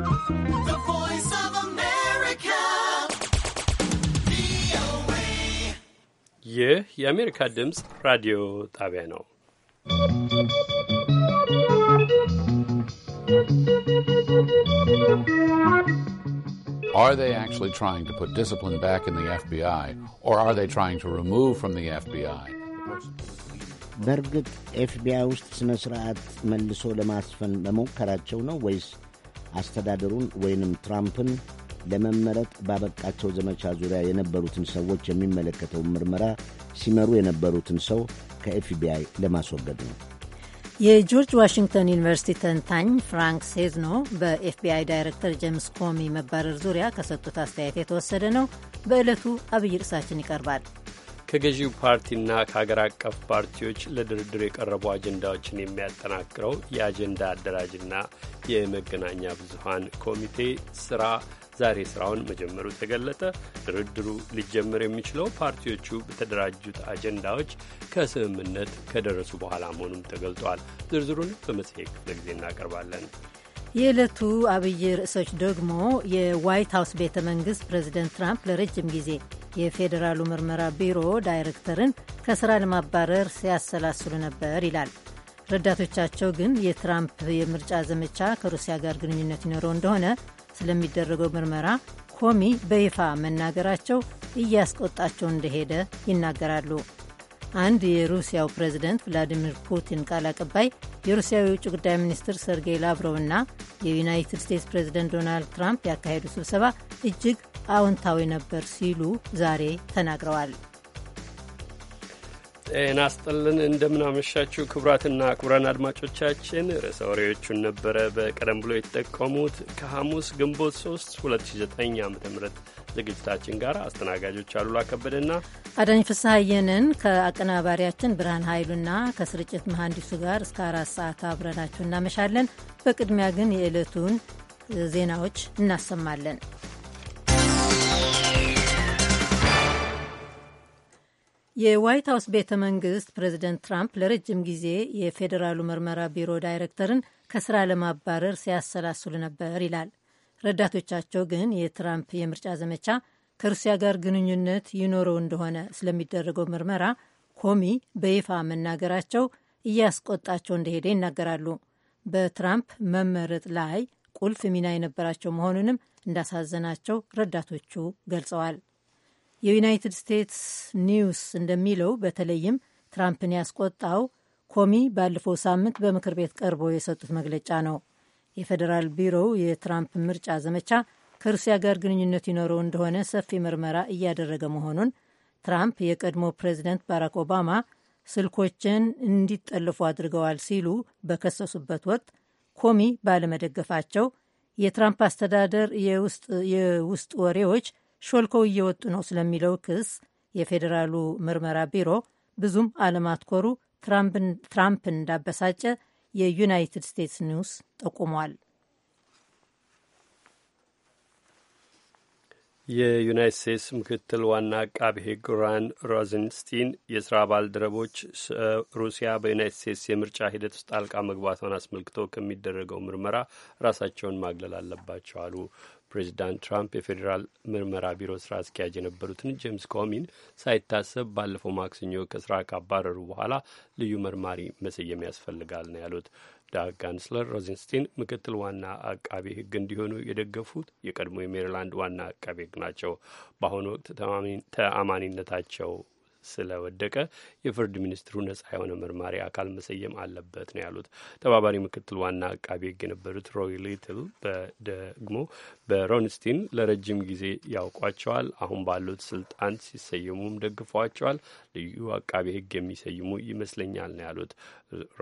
The Voice of America. ይህ የአሜሪካ ድምፅ ራዲዮ ጣቢያ ነው። Are they actually trying to put discipline back in the FBI, or are they trying to remove from the FBI? በእርግጥ ኤፍቢአይ ውስጥ ስነ ስርዓት መልሶ ለማስፈን በመሞከራቸው ነው ወይስ አስተዳደሩን ወይንም ትራምፕን ለመመረጥ ባበቃቸው ዘመቻ ዙሪያ የነበሩትን ሰዎች የሚመለከተውን ምርመራ ሲመሩ የነበሩትን ሰው ከኤፍቢአይ ለማስወገድ ነው። የጆርጅ ዋሽንግተን ዩኒቨርሲቲ ተንታኝ ፍራንክ ሴዝኖ በኤፍቢአይ ዳይሬክተር ጄምስ ኮሚ መባረር ዙሪያ ከሰጡት አስተያየት የተወሰደ ነው። በዕለቱ አብይ ርዕሳችን ይቀርባል። ከገዢው ፓርቲና ከሀገር አቀፍ ፓርቲዎች ለድርድር የቀረቡ አጀንዳዎችን የሚያጠናክረው የአጀንዳ አደራጅና የመገናኛ ብዙሀን ኮሚቴ ስራ ዛሬ ስራውን መጀመሩ ተገለጠ። ድርድሩ ሊጀመር የሚችለው ፓርቲዎቹ በተደራጁት አጀንዳዎች ከስምምነት ከደረሱ በኋላ መሆኑም ተገልጧል። ዝርዝሩን በመጽሔት ክፍለ ጊዜ እናቀርባለን። የዕለቱ አብይ ርዕሶች ደግሞ የዋይት ሀውስ ቤተ መንግስት ፕሬዚደንት ትራምፕ ለረጅም ጊዜ የፌዴራሉ ምርመራ ቢሮ ዳይሬክተርን ከስራ ለማባረር ሲያሰላስሉ ነበር ይላል። ረዳቶቻቸው ግን የትራምፕ የምርጫ ዘመቻ ከሩሲያ ጋር ግንኙነት ይኖረው እንደሆነ ስለሚደረገው ምርመራ ኮሚ በይፋ መናገራቸው እያስቆጣቸው እንደሄደ ይናገራሉ። አንድ የሩሲያው ፕሬዝደንት ቭላዲሚር ፑቲን ቃል አቀባይ የሩሲያው የውጭ ጉዳይ ሚኒስትር ሰርጌይ ላቭሮቭና የዩናይትድ ስቴትስ ፕሬዝደንት ዶናልድ ትራምፕ ያካሄዱ ስብሰባ እጅግ አዎንታዊ ነበር ሲሉ ዛሬ ተናግረዋል። ጤና ስጥልን፣ እንደምናመሻችሁ ክቡራትና ክቡራን አድማጮቻችን ርዕሰ ወሬዎቹን ነበረ በቀደም ብሎ የተጠቀሙት ከሐሙስ ግንቦት 3 2009 ዓ.ም ዝግጅታችን ጋር አስተናጋጆች አሉላ ከበደና አዳኝ ፍስሐየንን ከአቀናባሪያችን ብርሃን ኃይሉና ከስርጭት መሐንዲሱ ጋር እስከ አራት ሰዓት አብረናችሁ እናመሻለን። በቅድሚያ ግን የዕለቱን ዜናዎች እናሰማለን። የዋይት ሀውስ ቤተ መንግስት ፕሬዚደንት ትራምፕ ለረጅም ጊዜ የፌዴራሉ ምርመራ ቢሮ ዳይሬክተርን ከስራ ለማባረር ሲያሰላስሉ ነበር ይላል። ረዳቶቻቸው ግን የትራምፕ የምርጫ ዘመቻ ከሩሲያ ጋር ግንኙነት ይኖረው እንደሆነ ስለሚደረገው ምርመራ ኮሚ በይፋ መናገራቸው እያስቆጣቸው እንደሄደ ይናገራሉ። በትራምፕ መመረጥ ላይ ቁልፍ ሚና የነበራቸው መሆኑንም እንዳሳዘናቸው ረዳቶቹ ገልጸዋል። የዩናይትድ ስቴትስ ኒውስ እንደሚለው በተለይም ትራምፕን ያስቆጣው ኮሚ ባለፈው ሳምንት በምክር ቤት ቀርቦ የሰጡት መግለጫ ነው። የፌዴራል ቢሮው የትራምፕ ምርጫ ዘመቻ ከሩሲያ ጋር ግንኙነት ይኖረው እንደሆነ ሰፊ ምርመራ እያደረገ መሆኑን ትራምፕ የቀድሞ ፕሬዚደንት ባራክ ኦባማ ስልኮችን እንዲጠልፉ አድርገዋል ሲሉ በከሰሱበት ወቅት ኮሚ ባለመደገፋቸው የትራምፕ አስተዳደር የውስጥ ወሬዎች ሾልከው እየወጡ ነው ስለሚለው ክስ የፌዴራሉ ምርመራ ቢሮ ብዙም አለማትኮሩ ትራምፕን እንዳበሳጨ የዩናይትድ ስቴትስ ኒውስ ጠቁሟል። የዩናይት ስቴትስ ምክትል ዋና አቃቤ ሕግ ሮያን ሮዘንስቲን የስራ ባልደረቦች ሩሲያ በዩናይት ስቴትስ የምርጫ ሂደት ውስጥ ጣልቃ መግባቷን አስመልክቶ ከሚደረገው ምርመራ ራሳቸውን ማግለል አለባቸው አሉ። ፕሬዚዳንት ትራምፕ የፌዴራል ምርመራ ቢሮ ስራ አስኪያጅ የነበሩትን ጄምስ ኮሚን ሳይታሰብ ባለፈው ማክሰኞ ከስራ ካባረሩ በኋላ ልዩ መርማሪ መሰየም ያስፈልጋል ነው ያሉት። ዳግ ካንስለር ሮዚንስቲን ምክትል ዋና አቃቤ ሕግ እንዲሆኑ የደገፉት የቀድሞ የሜሪላንድ ዋና አቃቤ ሕግ ናቸው። በአሁኑ ወቅት ተአማኒነታቸው ስለወደቀ የፍርድ ሚኒስትሩ ነጻ የሆነ መርማሪ አካል መሰየም አለበት ነው ያሉት። ተባባሪ ምክትል ዋና አቃቢ ህግ የነበሩት ሮይ ሊትል ደግሞ በሮንስቲን ለረጅም ጊዜ ያውቋቸዋል። አሁን ባሉት ስልጣን ሲሰየሙም ደግፏቸዋል። ልዩ አቃቢ ህግ የሚሰይሙ ይመስለኛል ነው ያሉት።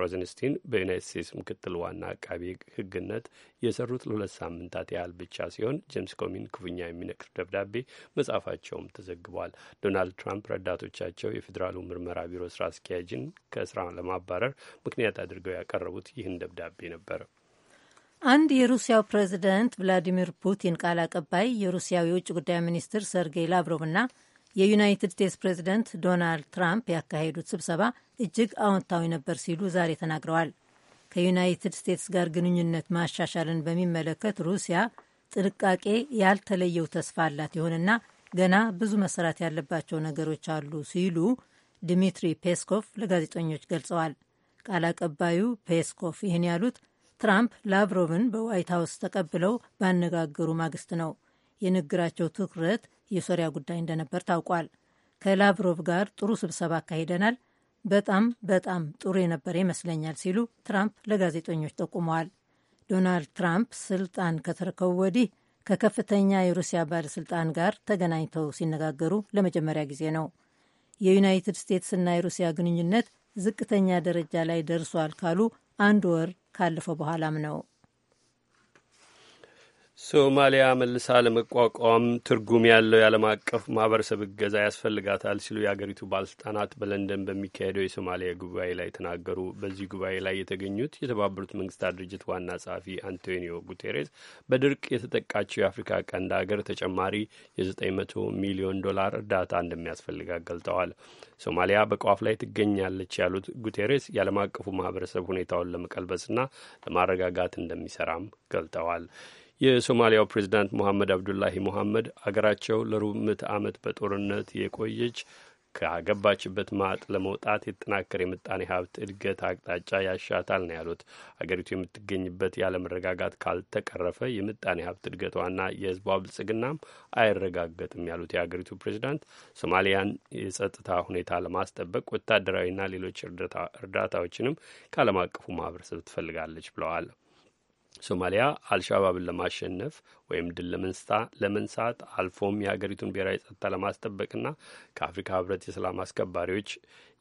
ሮዘንስቲን በዩናይት ስቴትስ ምክትል ዋና አቃቢ ሕግነት የሰሩት ለሁለት ሳምንታት ያህል ብቻ ሲሆን ጄምስ ኮሚን ክፉኛ የሚነቅፍ ደብዳቤ መጻፋቸውም ተዘግቧል። ዶናልድ ትራምፕ ረዳቶቻቸው የፌዴራሉ ምርመራ ቢሮ ስራ አስኪያጅን ከስራ ለማባረር ምክንያት አድርገው ያቀረቡት ይህን ደብዳቤ ነበር። አንድ የሩሲያው ፕሬዚደንት ቭላዲሚር ፑቲን ቃል አቀባይ የሩሲያው የውጭ ጉዳይ ሚኒስትር ሰርጌይ ላቭሮቭና የዩናይትድ ስቴትስ ፕሬዚደንት ዶናልድ ትራምፕ ያካሄዱት ስብሰባ እጅግ አዎንታዊ ነበር ሲሉ ዛሬ ተናግረዋል። ከዩናይትድ ስቴትስ ጋር ግንኙነት ማሻሻልን በሚመለከት ሩሲያ ጥንቃቄ ያልተለየው ተስፋ አላት። ይሁንና ገና ብዙ መሰራት ያለባቸው ነገሮች አሉ ሲሉ ድሚትሪ ፔስኮቭ ለጋዜጠኞች ገልጸዋል። ቃል አቀባዩ ፔስኮቭ ይህን ያሉት ትራምፕ ላቭሮቭን በዋይት ሀውስ ተቀብለው ባነጋገሩ ማግስት ነው። የንግግራቸው ትኩረት የሶሪያ ጉዳይ እንደነበር ታውቋል። ከላቭሮቭ ጋር ጥሩ ስብሰባ አካሂደናል። በጣም በጣም ጥሩ የነበረ ይመስለኛል ሲሉ ትራምፕ ለጋዜጠኞች ጠቁመዋል። ዶናልድ ትራምፕ ስልጣን ከተረከቡ ወዲህ ከከፍተኛ የሩሲያ ባለሥልጣን ጋር ተገናኝተው ሲነጋገሩ ለመጀመሪያ ጊዜ ነው። የዩናይትድ ስቴትስና የሩሲያ ግንኙነት ዝቅተኛ ደረጃ ላይ ደርሷል ካሉ አንድ ወር ካለፈው በኋላም ነው። ሶማሊያ መልሳ ለመቋቋም ትርጉም ያለው የዓለም አቀፍ ማህበረሰብ እገዛ ያስፈልጋታል ሲሉ የአገሪቱ ባለስልጣናት በለንደን በሚካሄደው የሶማሊያ ጉባኤ ላይ ተናገሩ። በዚህ ጉባኤ ላይ የተገኙት የተባበሩት መንግስታት ድርጅት ዋና ጸሐፊ አንቶኒዮ ጉቴሬስ በድርቅ የተጠቃቸው የአፍሪካ ቀንድ ሀገር ተጨማሪ የ900 ሚሊዮን ዶላር እርዳታ እንደሚያስፈልጋት ገልጠዋል። ሶማሊያ በቋፍ ላይ ትገኛለች ያሉት ጉቴሬስ የዓለም አቀፉ ማህበረሰብ ሁኔታውን ለመቀልበስና ለማረጋጋት እንደሚሰራም ገልጠዋል። የሶማሊያው ፕሬዚዳንት ሞሐመድ አብዱላሂ ሞሐመድ አገራቸው ለሩብ ምዕተ ዓመት በጦርነት የቆየች ካገባችበት ማጥ ለመውጣት የተጠናከረ የምጣኔ ሀብት እድገት አቅጣጫ ያሻታል ነው ያሉት። አገሪቱ የምትገኝበት ያለመረጋጋት ካልተቀረፈ የምጣኔ ሀብት እድገቷና የሕዝቧ ብልጽግናም አይረጋገጥም ያሉት የአገሪቱ ፕሬዚዳንት ሶማሊያን የጸጥታ ሁኔታ ለማስጠበቅ ወታደራዊና ሌሎች እርዳታዎችንም ከዓለም አቀፉ ማህበረሰብ ትፈልጋለች ብለዋል። ሶማሊያ አልሻባብን ለማሸነፍ ወይም ድል ለመንሳት አልፎም የሀገሪቱን ብሔራዊ ጸጥታ ለማስጠበቅና ከአፍሪካ ህብረት የሰላም አስከባሪዎች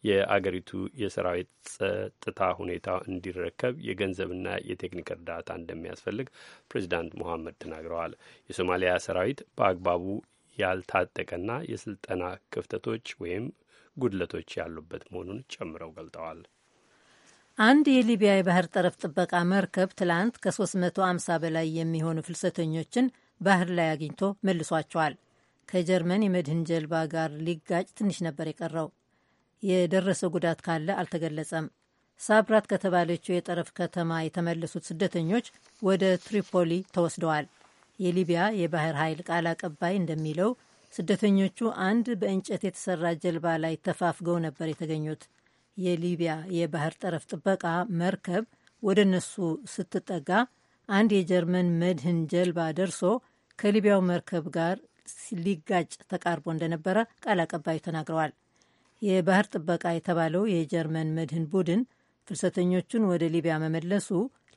የአገሪቱ የሰራዊት ጸጥታ ሁኔታ እንዲረከብ የገንዘብና የቴክኒክ እርዳታ እንደሚያስፈልግ ፕሬዚዳንት ሞሐመድ ተናግረዋል። የሶማሊያ ሰራዊት በአግባቡ ያልታጠቀና የስልጠና ክፍተቶች ወይም ጉድለቶች ያሉበት መሆኑን ጨምረው ገልጠዋል። አንድ የሊቢያ የባህር ጠረፍ ጥበቃ መርከብ ትላንት ከ350 በላይ የሚሆኑ ፍልሰተኞችን ባህር ላይ አግኝቶ መልሷቸዋል። ከጀርመን የመድህን ጀልባ ጋር ሊጋጭ ትንሽ ነበር የቀረው። የደረሰ ጉዳት ካለ አልተገለጸም። ሳብራት ከተባለችው የጠረፍ ከተማ የተመለሱት ስደተኞች ወደ ትሪፖሊ ተወስደዋል። የሊቢያ የባህር ኃይል ቃል አቀባይ እንደሚለው ስደተኞቹ አንድ በእንጨት የተሰራ ጀልባ ላይ ተፋፍገው ነበር የተገኙት። የሊቢያ የባህር ጠረፍ ጥበቃ መርከብ ወደ እነሱ ስትጠጋ አንድ የጀርመን መድህን ጀልባ ደርሶ ከሊቢያው መርከብ ጋር ሊጋጭ ተቃርቦ እንደነበረ ቃል አቀባዩ ተናግረዋል። የባህር ጥበቃ የተባለው የጀርመን መድህን ቡድን ፍልሰተኞቹን ወደ ሊቢያ መመለሱ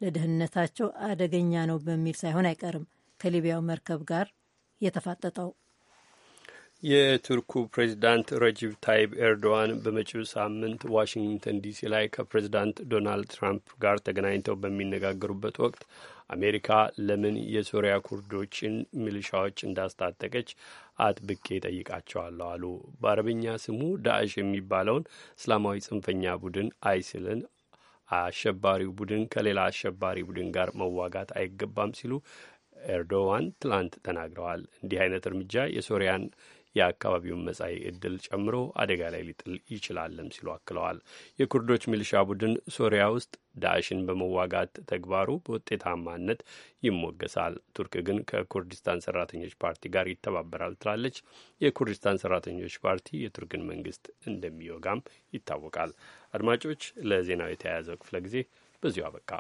ለደህንነታቸው አደገኛ ነው በሚል ሳይሆን አይቀርም ከሊቢያው መርከብ ጋር የተፋጠጠው። የቱርኩ ፕሬዚዳንት ረጂብ ታይብ ኤርዶዋን በመጪው ሳምንት ዋሽንግተን ዲሲ ላይ ከፕሬዚዳንት ዶናልድ ትራምፕ ጋር ተገናኝተው በሚነጋገሩበት ወቅት አሜሪካ ለምን የሶሪያ ኩርዶችን ሚሊሻዎች እንዳስታጠቀች አጥብቄ ጠይቃቸዋለሁ አሉ። በአረብኛ ስሙ ዳዕሽ የሚባለውን እስላማዊ ጽንፈኛ ቡድን አይስልን አሸባሪው ቡድን ከሌላ አሸባሪ ቡድን ጋር መዋጋት አይገባም ሲሉ ኤርዶዋን ትላንት ተናግረዋል። እንዲህ አይነት እርምጃ የሶሪያን የአካባቢውን መጻኢ ዕድል ጨምሮ አደጋ ላይ ሊጥል ይችላልም ሲሉ አክለዋል። የኩርዶች ሚሊሻ ቡድን ሶሪያ ውስጥ ዳዕሽን በመዋጋት ተግባሩ በውጤታማነት ይሞገሳል። ቱርክ ግን ከኩርዲስታን ሰራተኞች ፓርቲ ጋር ይተባበራል ትላለች። የኩርዲስታን ሰራተኞች ፓርቲ የቱርክን መንግስት እንደሚወጋም ይታወቃል። አድማጮች፣ ለዜናው የተያያዘው ክፍለ ጊዜ በዚሁ አበቃ።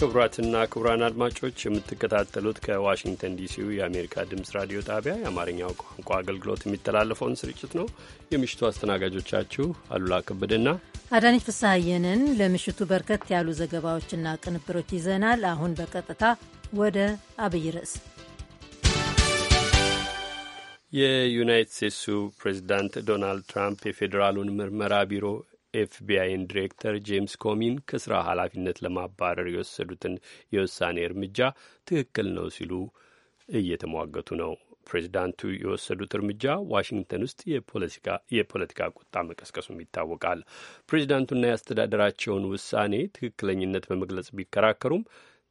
ክቡራትና ክቡራን አድማጮች የምትከታተሉት ከዋሽንግተን ዲሲው የአሜሪካ ድምፅ ራዲዮ ጣቢያ የአማርኛው ቋንቋ አገልግሎት የሚተላለፈውን ስርጭት ነው። የምሽቱ አስተናጋጆቻችሁ አሉላ ከበደና አዳነች ፍስሐየንን ለምሽቱ በርከት ያሉ ዘገባዎችና ቅንብሮች ይዘናል። አሁን በቀጥታ ወደ አብይ ርዕስ የዩናይትድ ስቴትሱ ፕሬዚዳንት ዶናልድ ትራምፕ የፌዴራሉን ምርመራ ቢሮ ኤፍቢአይን ዲሬክተር ጄምስ ኮሚን ከስራ ኃላፊነት ለማባረር የወሰዱትን የውሳኔ እርምጃ ትክክል ነው ሲሉ እየተሟገቱ ነው። ፕሬዚዳንቱ የወሰዱት እርምጃ ዋሽንግተን ውስጥ የፖለቲካ ቁጣ መቀስቀሱም ይታወቃል። ፕሬዚዳንቱና የአስተዳደራቸውን ውሳኔ ትክክለኝነት በመግለጽ ቢከራከሩም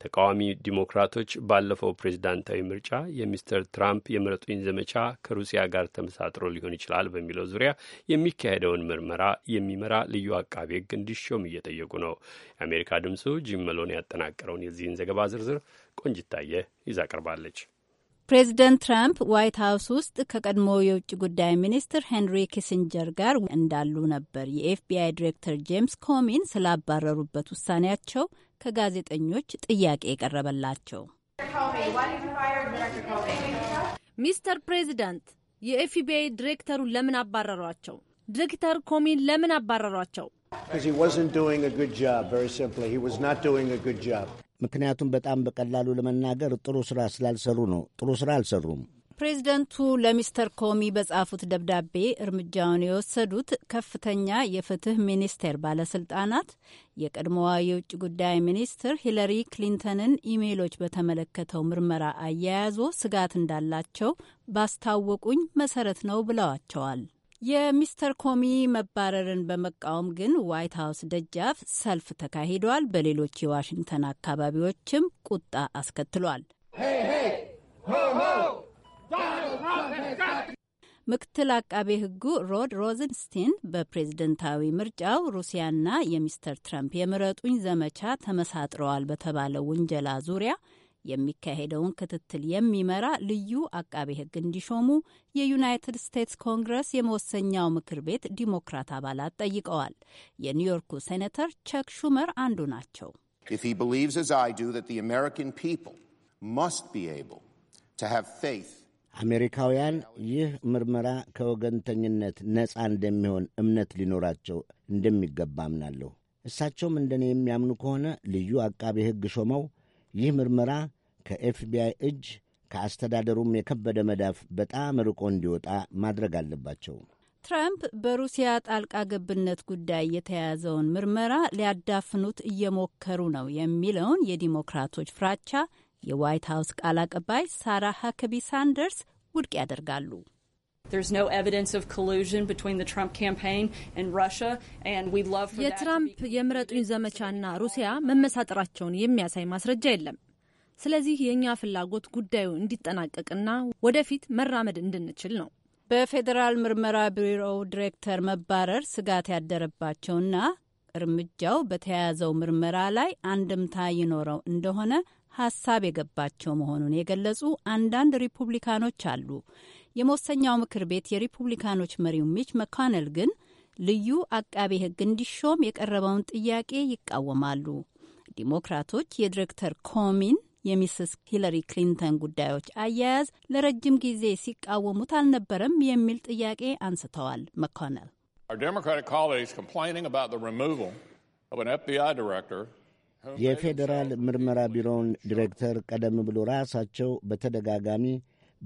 ተቃዋሚ ዲሞክራቶች ባለፈው ፕሬዝዳንታዊ ምርጫ የሚስተር ትራምፕ የምረጡኝ ዘመቻ ከሩሲያ ጋር ተመሳጥሮ ሊሆን ይችላል በሚለው ዙሪያ የሚካሄደውን ምርመራ የሚመራ ልዩ አቃቤ ሕግ እንዲሾም እየጠየቁ ነው። የአሜሪካ ድምፁ ጂም መሎን ያጠናቀረውን የዚህን ዘገባ ዝርዝር ቆንጅታየ ይዛ ቀርባለች። ፕሬዚደንት ትራምፕ ዋይት ሀውስ ውስጥ ከቀድሞ የውጭ ጉዳይ ሚኒስትር ሄንሪ ኪሲንጀር ጋር እንዳሉ ነበር የኤፍቢአይ ዲሬክተር ጄምስ ኮሚን ስላባረሩበት ውሳኔያቸው ከጋዜጠኞች ጥያቄ የቀረበላቸው። ሚስተር ፕሬዚዳንት የኤፍቢአይ ዲሬክተሩን ለምን አባረሯቸው? ዲሬክተር ኮሚን ለምን አባረሯቸው? ምክንያቱም በጣም በቀላሉ ለመናገር ጥሩ ስራ ስላልሰሩ ነው። ጥሩ ስራ አልሰሩም። ፕሬዚደንቱ ለሚስተር ኮሚ በጻፉት ደብዳቤ እርምጃውን የወሰዱት ከፍተኛ የፍትህ ሚኒስቴር ባለስልጣናት የቀድሞዋ የውጭ ጉዳይ ሚኒስትር ሂለሪ ክሊንተንን ኢሜይሎች በተመለከተው ምርመራ አያያዞ ስጋት እንዳላቸው ባስታወቁኝ መሰረት ነው ብለዋቸዋል። የሚስተር ኮሚ መባረርን በመቃወም ግን ዋይት ሀውስ ደጃፍ ሰልፍ ተካሂዷል። በሌሎች የዋሽንግተን አካባቢዎችም ቁጣ አስከትሏል። ምክትል አቃቤ ሕጉ ሮድ ሮዝንስቲን በፕሬዝደንታዊ ምርጫው ሩሲያና የሚስተር ትራምፕ የምረጡኝ ዘመቻ ተመሳጥረዋል በተባለው ውንጀላ ዙሪያ የሚካሄደውን ክትትል የሚመራ ልዩ አቃቤ ሕግ እንዲሾሙ የዩናይትድ ስቴትስ ኮንግረስ የመወሰኛው ምክር ቤት ዲሞክራት አባላት ጠይቀዋል። የኒውዮርኩ ሴኔተር ቸክ ሹመር አንዱ ናቸው። ቢሊቭስ አዝ አይ ቢ አሜሪካውያን ይህ ምርመራ ከወገንተኝነት ነፃ እንደሚሆን እምነት ሊኖራቸው እንደሚገባ አምናለሁ። እሳቸውም እንደኔ የሚያምኑ ከሆነ ልዩ አቃቤ ሕግ ሾመው ይህ ምርመራ ከኤፍቢአይ እጅ ከአስተዳደሩም የከበደ መዳፍ በጣም ርቆ እንዲወጣ ማድረግ አለባቸው። ትራምፕ በሩሲያ ጣልቃ ገብነት ጉዳይ የተያዘውን ምርመራ ሊያዳፍኑት እየሞከሩ ነው የሚለውን የዲሞክራቶች ፍራቻ የዋይት ሀውስ ቃል አቀባይ ሳራ ሀከቢ ሳንደርስ ውድቅ ያደርጋሉ። የትራምፕ የምረጡኝ ዘመቻና ሩሲያ መመሳጠራቸውን የሚያሳይ ማስረጃ የለም። ስለዚህ የእኛ ፍላጎት ጉዳዩ እንዲጠናቀቅና ወደፊት መራመድ እንድንችል ነው። በፌዴራል ምርመራ ቢሮ ዲሬክተር መባረር ስጋት ያደረባቸውና እርምጃው በተያያዘው ምርመራ ላይ አንድምታ ይኖረው እንደሆነ ሀሳብ የገባቸው መሆኑን የገለጹ አንዳንድ ሪፑብሊካኖች አሉ። የመወሰኛው ምክር ቤት የሪፑብሊካኖች መሪው ሚች መካነል ግን ልዩ አቃቤ ሕግ እንዲሾም የቀረበውን ጥያቄ ይቃወማሉ። ዲሞክራቶች የዲሬክተር ኮሚን የሚስስ ሂለሪ ክሊንተን ጉዳዮች አያያዝ ለረጅም ጊዜ ሲቃወሙት አልነበረም የሚል ጥያቄ አንስተዋል። መኮነል የፌዴራል ምርመራ ቢሮውን ዲሬክተር ቀደም ብሎ ራሳቸው በተደጋጋሚ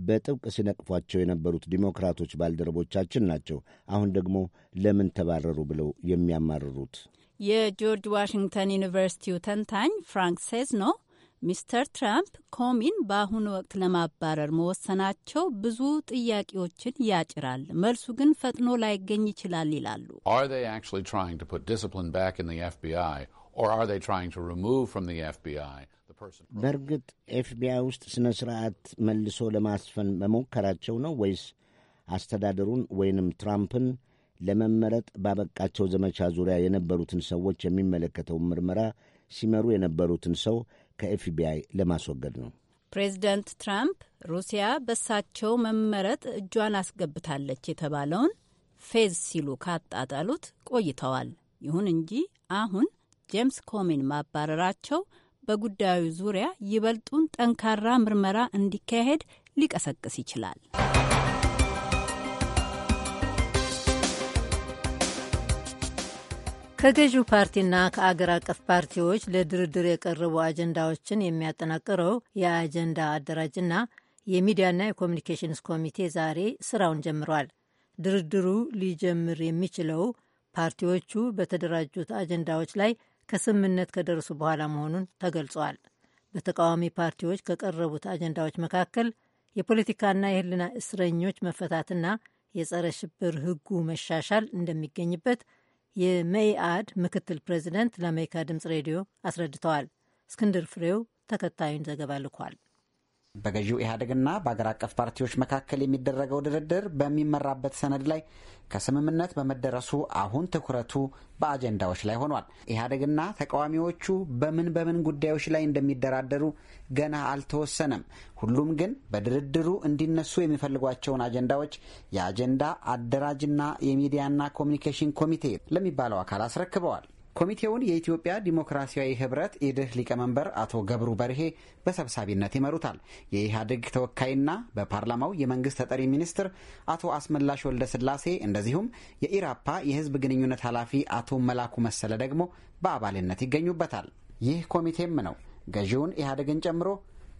በጥብቅ ሲነቅፏቸው የነበሩት ዲሞክራቶች ባልደረቦቻችን ናቸው። አሁን ደግሞ ለምን ተባረሩ ብለው የሚያማርሩት የጆርጅ ዋሽንግተን ዩኒቨርሲቲው ተንታኝ ፍራንክ ሴዝኖ ሚስተር ትራምፕ ኮሚን በአሁኑ ወቅት ለማባረር መወሰናቸው ብዙ ጥያቄዎችን ያጭራል፣ መልሱ ግን ፈጥኖ ላይገኝ ይችላል ይላሉ። በእርግጥ ኤፍቢአይ ውስጥ ሥነ ሥርዓት መልሶ ለማስፈን በሞከራቸው ነው ወይስ አስተዳደሩን ወይንም ትራምፕን ለመመረጥ ባበቃቸው ዘመቻ ዙሪያ የነበሩትን ሰዎች የሚመለከተውን ምርመራ ሲመሩ የነበሩትን ሰው ከኤፍቢአይ ለማስወገድ ነው? ፕሬዚደንት ትራምፕ ሩሲያ በእሳቸው መመረጥ እጇን አስገብታለች የተባለውን ፌዝ ሲሉ ካጣጣሉት ቆይተዋል። ይሁን እንጂ አሁን ጄምስ ኮሚን ማባረራቸው በጉዳዩ ዙሪያ ይበልጡን ጠንካራ ምርመራ እንዲካሄድ ሊቀሰቅስ ይችላል። ከገዢው ፓርቲና ከአገር አቀፍ ፓርቲዎች ለድርድር የቀረቡ አጀንዳዎችን የሚያጠናቅረው የአጀንዳ አደራጅና የሚዲያና የኮሚኒኬሽንስ ኮሚቴ ዛሬ ስራውን ጀምሯል። ድርድሩ ሊጀምር የሚችለው ፓርቲዎቹ በተደራጁት አጀንዳዎች ላይ ከስምምነት ከደረሱ በኋላ መሆኑን ተገልጿል። በተቃዋሚ ፓርቲዎች ከቀረቡት አጀንዳዎች መካከል የፖለቲካና የህልና እስረኞች መፈታትና የጸረ ሽብር ህጉ መሻሻል እንደሚገኝበት የመኢአድ ምክትል ፕሬዚደንት ለአሜሪካ ድምፅ ሬዲዮ አስረድተዋል። እስክንድር ፍሬው ተከታዩን ዘገባ ልኳል። በገዢው ኢህአዴግና በአገር አቀፍ ፓርቲዎች መካከል የሚደረገው ድርድር በሚመራበት ሰነድ ላይ ከስምምነት በመደረሱ አሁን ትኩረቱ በአጀንዳዎች ላይ ሆኗል። ኢህአዴግና ተቃዋሚዎቹ በምን በምን ጉዳዮች ላይ እንደሚደራደሩ ገና አልተወሰነም። ሁሉም ግን በድርድሩ እንዲነሱ የሚፈልጓቸውን አጀንዳዎች የአጀንዳ አደራጅና የሚዲያና ኮሚኒኬሽን ኮሚቴ ለሚባለው አካል አስረክበዋል። ኮሚቴውን የኢትዮጵያ ዲሞክራሲያዊ ህብረት ኢድህ ሊቀመንበር አቶ ገብሩ በርሄ በሰብሳቢነት ይመሩታል። የኢህአዴግ ተወካይና በፓርላማው የመንግስት ተጠሪ ሚኒስትር አቶ አስመላሽ ወልደ ስላሴ እንደዚሁም የኢራፓ የህዝብ ግንኙነት ኃላፊ አቶ መላኩ መሰለ ደግሞ በአባልነት ይገኙበታል። ይህ ኮሚቴም ነው ገዢውን ኢህአዴግን ጨምሮ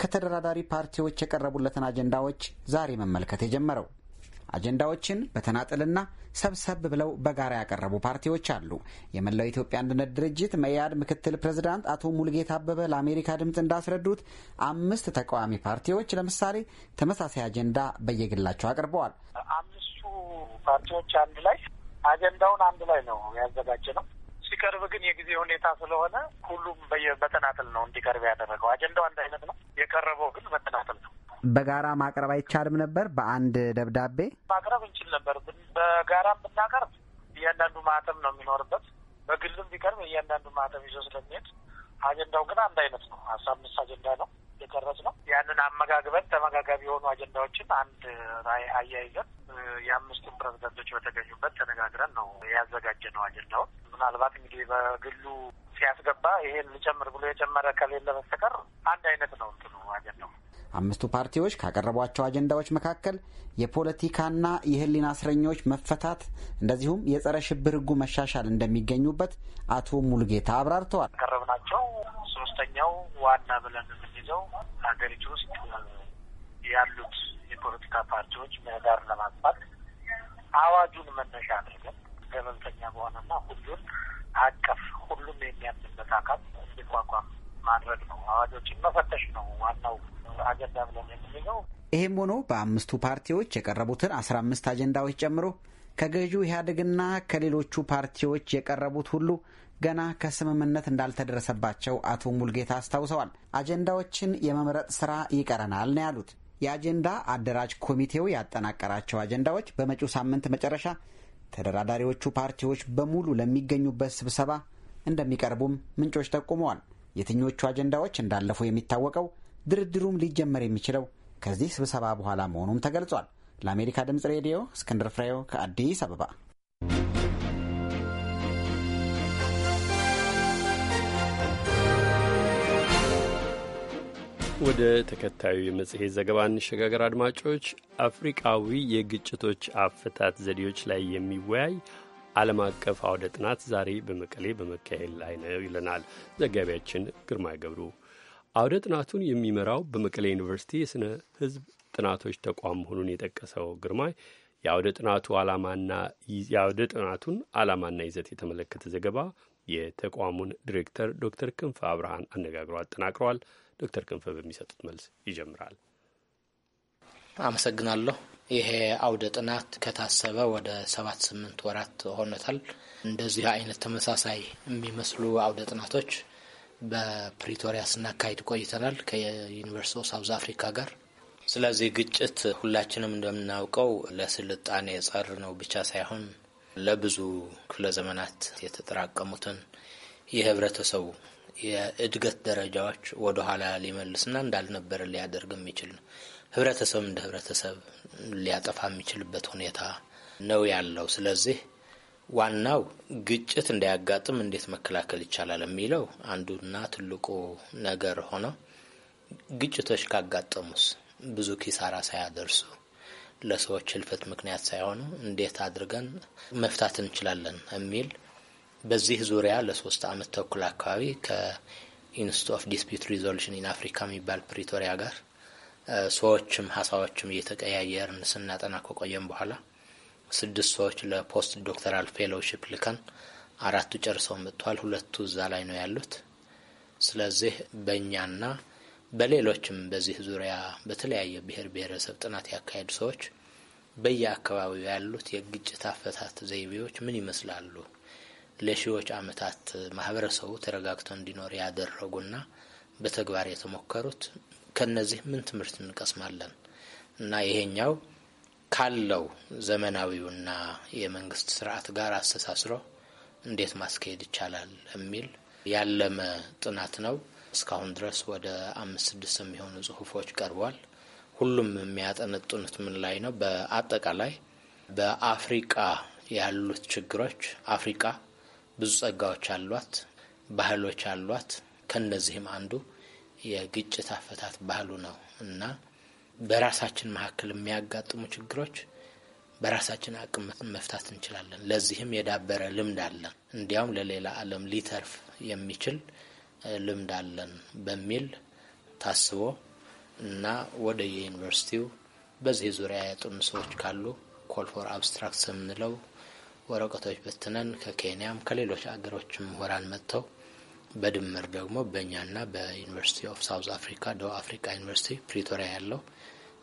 ከተደራዳሪ ፓርቲዎች የቀረቡለትን አጀንዳዎች ዛሬ መመልከት የጀመረው። አጀንዳዎችን በተናጠልና ሰብሰብ ብለው በጋራ ያቀረቡ ፓርቲዎች አሉ። የመላው ኢትዮጵያ አንድነት ድርጅት መኢአድ ምክትል ፕሬዝዳንት አቶ ሙልጌታ አበበ ለአሜሪካ ድምፅ እንዳስረዱት አምስት ተቃዋሚ ፓርቲዎች ለምሳሌ ተመሳሳይ አጀንዳ በየግላቸው አቅርበዋል። አምስቱ ፓርቲዎች አንድ ላይ አጀንዳውን አንድ ላይ ነው ያዘጋጀ ነው ሲቀርብ ግን የጊዜ ሁኔታ ስለሆነ ሁሉም በተናጥል ነው እንዲቀርብ ያደረገው። አጀንዳው አንድ አይነት ነው፣ የቀረበው ግን በተናጥል ነው። በጋራ ማቅረብ አይቻልም ነበር? በአንድ ደብዳቤ ማቅረብ እንችል ነበር። በጋራ ብናቀርብ እያንዳንዱ ማህተም ነው የሚኖርበት። በግልም ቢቀርብ እያንዳንዱ ማህተም ይዞ ስለሚሄድ አጀንዳው ግን አንድ አይነት ነው። አስራ አምስት አጀንዳ ነው የቀረጽ ነው። ያንን አመጋግበን ተመጋጋቢ የሆኑ አጀንዳዎችን አንድ ራይ አያይዘን የአምስቱን ፕሬዚደንቶች በተገኙበት ተነጋግረን ነው ያዘጋጀ ነው አጀንዳውን። ምናልባት እንግዲህ በግሉ ሲያስገባ ይሄን ልጨምር ብሎ የጨመረ ከሌለ በስተቀር አንድ አይነት ነው እንትኑ አጀንዳው። አምስቱ ፓርቲዎች ካቀረቧቸው አጀንዳዎች መካከል የፖለቲካና የሕሊና እስረኞች መፈታት እንደዚሁም የጸረ ሽብር ሕጉ መሻሻል እንደሚገኙበት አቶ ሙሉጌታ አብራርተዋል። ያቀረብናቸው ሶስተኛው ዋና ብለን የምንይዘው ሀገሪቱ ውስጥ ያሉት የፖለቲካ ፓርቲዎች ምህዳር ለማጥፋት አዋጁን መነሻ አድርገን ገለልተኛ በሆነና ሁሉን አቀፍ ሁሉም የሚያምንበት አካል እንዲቋቋም ማድረግ ነው። አዋጆችን መፈተሽ ነው ዋናው አጀንዳ ብለን የምንለው። ይህም ሆኖ በአምስቱ ፓርቲዎች የቀረቡትን አስራ አምስት አጀንዳዎች ጨምሮ ከገዢው ኢህአዴግና ከሌሎቹ ፓርቲዎች የቀረቡት ሁሉ ገና ከስምምነት እንዳልተደረሰባቸው አቶ ሙልጌታ አስታውሰዋል። አጀንዳዎችን የመምረጥ ስራ ይቀረናል ነው ያሉት። የአጀንዳ አደራጅ ኮሚቴው ያጠናቀራቸው አጀንዳዎች በመጪው ሳምንት መጨረሻ ተደራዳሪዎቹ ፓርቲዎች በሙሉ ለሚገኙበት ስብሰባ እንደሚቀርቡም ምንጮች ጠቁመዋል። የትኞቹ አጀንዳዎች እንዳለፉ የሚታወቀው ድርድሩም ሊጀመር የሚችለው ከዚህ ስብሰባ በኋላ መሆኑም ተገልጿል። ለአሜሪካ ድምፅ ሬዲዮ እስክንድር ፍሬው ከአዲስ አበባ። ወደ ተከታዩ የመጽሔት ዘገባ እንሸጋገር። አድማጮች፣ አፍሪቃዊ የግጭቶች አፈታት ዘዴዎች ላይ የሚወያይ ዓለም አቀፍ አውደ ጥናት ዛሬ በመቀሌ በመካሄድ ላይ ነው ይለናል ዘጋቢያችን ግርማ ገብሩ። አውደ ጥናቱን የሚመራው በመቀሌ ዩኒቨርሲቲ የሥነ ሕዝብ ጥናቶች ተቋም መሆኑን የጠቀሰው ግርማ የአውደ ጥናቱ ዓላማና የአውደ ጥናቱን ዓላማና ይዘት የተመለከተ ዘገባ የተቋሙን ዲሬክተር ዶክተር ክንፈ አብርሃን አነጋግሮ አጠናቅረዋል። ዶክተር ክንፈ በሚሰጡት መልስ ይጀምራል። አመሰግናለሁ። ይሄ አውደ ጥናት ከታሰበ ወደ ሰባት ስምንት ወራት ሆኖታል። እንደዚህ አይነት ተመሳሳይ የሚመስሉ አውደ ጥናቶች በፕሪቶሪያ ስናካሂድ ቆይተናል ከዩኒቨርሲቲ ኦፍ ሳውዝ አፍሪካ ጋር። ስለዚህ ግጭት ሁላችንም እንደምናውቀው ለስልጣኔ ጸር ነው ብቻ ሳይሆን ለብዙ ክፍለ ዘመናት የተጠራቀሙትን የህብረተሰቡ የእድገት ደረጃዎች ወደኋላ ሊመልስና እንዳልነበረ ሊያደርግ የሚችል ነው። ህብረተሰብ እንደ ህብረተሰብ ሊያጠፋ የሚችልበት ሁኔታ ነው ያለው። ስለዚህ ዋናው ግጭት እንዳያጋጥም እንዴት መከላከል ይቻላል የሚለው አንዱና ትልቁ ነገር ሆነ። ግጭቶች ካጋጠሙስ ብዙ ኪሳራ ሳያደርሱ ለሰዎች ህልፈት ምክንያት ሳይሆኑ እንዴት አድርገን መፍታት እንችላለን የሚል በዚህ ዙሪያ ለሶስት አመት ተኩል አካባቢ ከኢንስቲትዩት ኦፍ ዲስፒት ሪዞሉሽን ኢን አፍሪካ የሚባል ፕሪቶሪያ ጋር ሰዎችም ሀሳቦችም እየተቀያየርን ስናጠና ከቆየም በኋላ ስድስት ሰዎች ለፖስት ዶክተራል ፌሎውሺፕ ልከን አራቱ ጨርሰው መጥተዋል። ሁለቱ እዛ ላይ ነው ያሉት። ስለዚህ በእኛና በሌሎችም በዚህ ዙሪያ በተለያየ ብሔር ብሔረሰብ ጥናት ያካሄዱ ሰዎች በየአካባቢው ያሉት የግጭት አፈታት ዘይቤዎች ምን ይመስላሉ፣ ለሺዎች ዓመታት ማህበረሰቡ ተረጋግቶ እንዲኖር ያደረጉና በተግባር የተሞከሩት ከነዚህ ምን ትምህርት እንቀስማለን እና ይሄኛው ካለው ዘመናዊውና የመንግስት ስርዓት ጋር አስተሳስሮ እንዴት ማስካሄድ ይቻላል የሚል ያለመ ጥናት ነው። እስካሁን ድረስ ወደ አምስት ስድስት የሚሆኑ ጽሁፎች ቀርቧል። ሁሉም የሚያጠነጥኑት ምን ላይ ነው? በአጠቃላይ በአፍሪቃ ያሉት ችግሮች፣ አፍሪቃ ብዙ ጸጋዎች አሏት፣ ባህሎች አሏት። ከነዚህም አንዱ የግጭት አፈታት ባህሉ ነው እና በራሳችን መካከል የሚያጋጥሙ ችግሮች በራሳችን አቅም መፍታት እንችላለን። ለዚህም የዳበረ ልምድ አለን፣ እንዲያውም ለሌላ ዓለም ሊተርፍ የሚችል ልምድ አለን በሚል ታስቦ እና ወደ የዩኒቨርሲቲው በዚህ ዙሪያ ያጡን ሰዎች ካሉ ኮልፎር አብስትራክት የምንለው ወረቀቶች በትነን ከኬንያም ከሌሎች አገሮች ምሁራን መጥተው በድምር ደግሞ በእኛና በዩኒቨርሲቲ ኦፍ ሳውዝ አፍሪካ ደቡብ አፍሪካ ዩኒቨርሲቲ ፕሪቶሪያ ያለው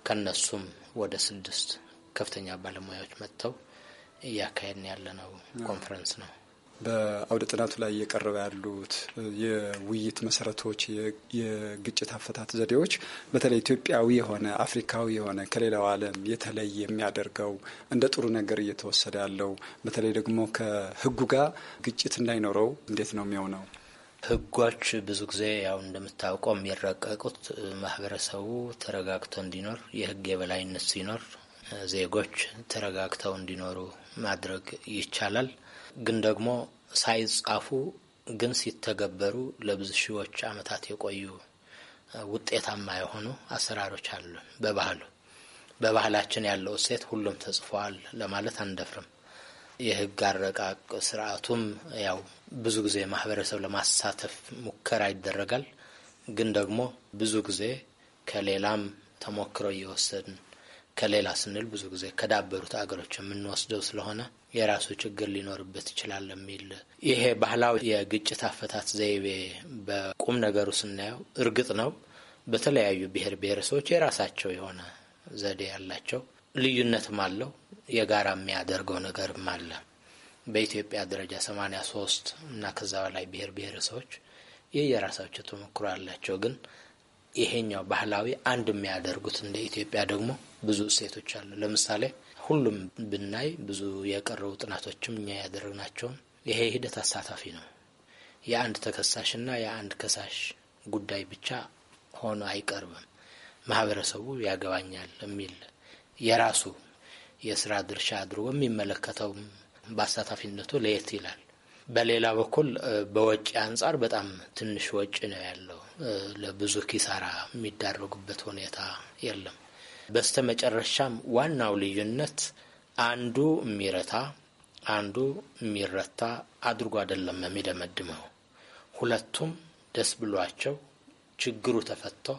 ከነሱም ወደ ስድስት ከፍተኛ ባለሙያዎች መጥተው እያካሄድን ያለነው ኮንፈረንስ ነው። በአውደ ጥናቱ ላይ እየቀረበ ያሉት የውይይት መሰረቶች፣ የግጭት አፈታት ዘዴዎች በተለይ ኢትዮጵያዊ የሆነ አፍሪካዊ የሆነ ከሌላው ዓለም የተለየ የሚያደርገው እንደ ጥሩ ነገር እየተወሰደ ያለው በተለይ ደግሞ ከሕጉ ጋር ግጭት እንዳይኖረው እንዴት ነው የሚሆነው? ህጎች ብዙ ጊዜ ያው እንደምታውቀው የሚረቀቁት ማህበረሰቡ ተረጋግቶ እንዲኖር የህግ የበላይነት ሲኖር ዜጎች ተረጋግተው እንዲኖሩ ማድረግ ይቻላል። ግን ደግሞ ሳይጻፉ ግን ሲተገበሩ ለብዙ ሺዎች ዓመታት የቆዩ ውጤታማ የሆኑ አሰራሮች አሉ። በባህሉ በባህላችን ያለው እሴት ሁሉም ተጽፏል ለማለት አንደፍርም። የህግ አረቃቅ ስርዓቱም ያው ብዙ ጊዜ ማህበረሰብ ለማሳተፍ ሙከራ ይደረጋል። ግን ደግሞ ብዙ ጊዜ ከሌላም ተሞክሮ እየወሰድን ከሌላ ስንል ብዙ ጊዜ ከዳበሩት አገሮች የምንወስደው ስለሆነ የራሱ ችግር ሊኖርበት ይችላል የሚል ይሄ ባህላዊ የግጭት አፈታት ዘይቤ በቁም ነገሩ ስናየው እርግጥ ነው በተለያዩ ብሔር ብሔረሰቦች የራሳቸው የሆነ ዘዴ ያላቸው ልዩነትም አለው። የጋራ የሚያደርገው ነገርም አለ። በኢትዮጵያ ደረጃ ሰማኒያ ሶስት እና ከዛ በላይ ብሔር ብሔረሰቦች ይህ የራሳቸው ተሞክሮ አላቸው። ግን ይሄኛው ባህላዊ አንድ የሚያደርጉት እንደ ኢትዮጵያ ደግሞ ብዙ እሴቶች አሉ። ለምሳሌ ሁሉም ብናይ ብዙ የቀረቡ ጥናቶችም እኛ ያደረግናቸውም ይሄ ሂደት አሳታፊ ነው። የአንድ ተከሳሽና የአንድ ከሳሽ ጉዳይ ብቻ ሆኖ አይቀርብም። ማህበረሰቡ ያገባኛል የሚል የራሱ የስራ ድርሻ አድርጎ የሚመለከተውም በአሳታፊነቱ ለየት ይላል። በሌላ በኩል በወጪ አንጻር በጣም ትንሽ ወጪ ነው ያለው። ለብዙ ኪሳራ የሚዳረጉበት ሁኔታ የለም። በስተ መጨረሻም ዋናው ልዩነት አንዱ የሚረታ አንዱ የሚረታ አድርጎ አይደለም የሚደመድመው። ሁለቱም ደስ ብሏቸው ችግሩ ተፈተው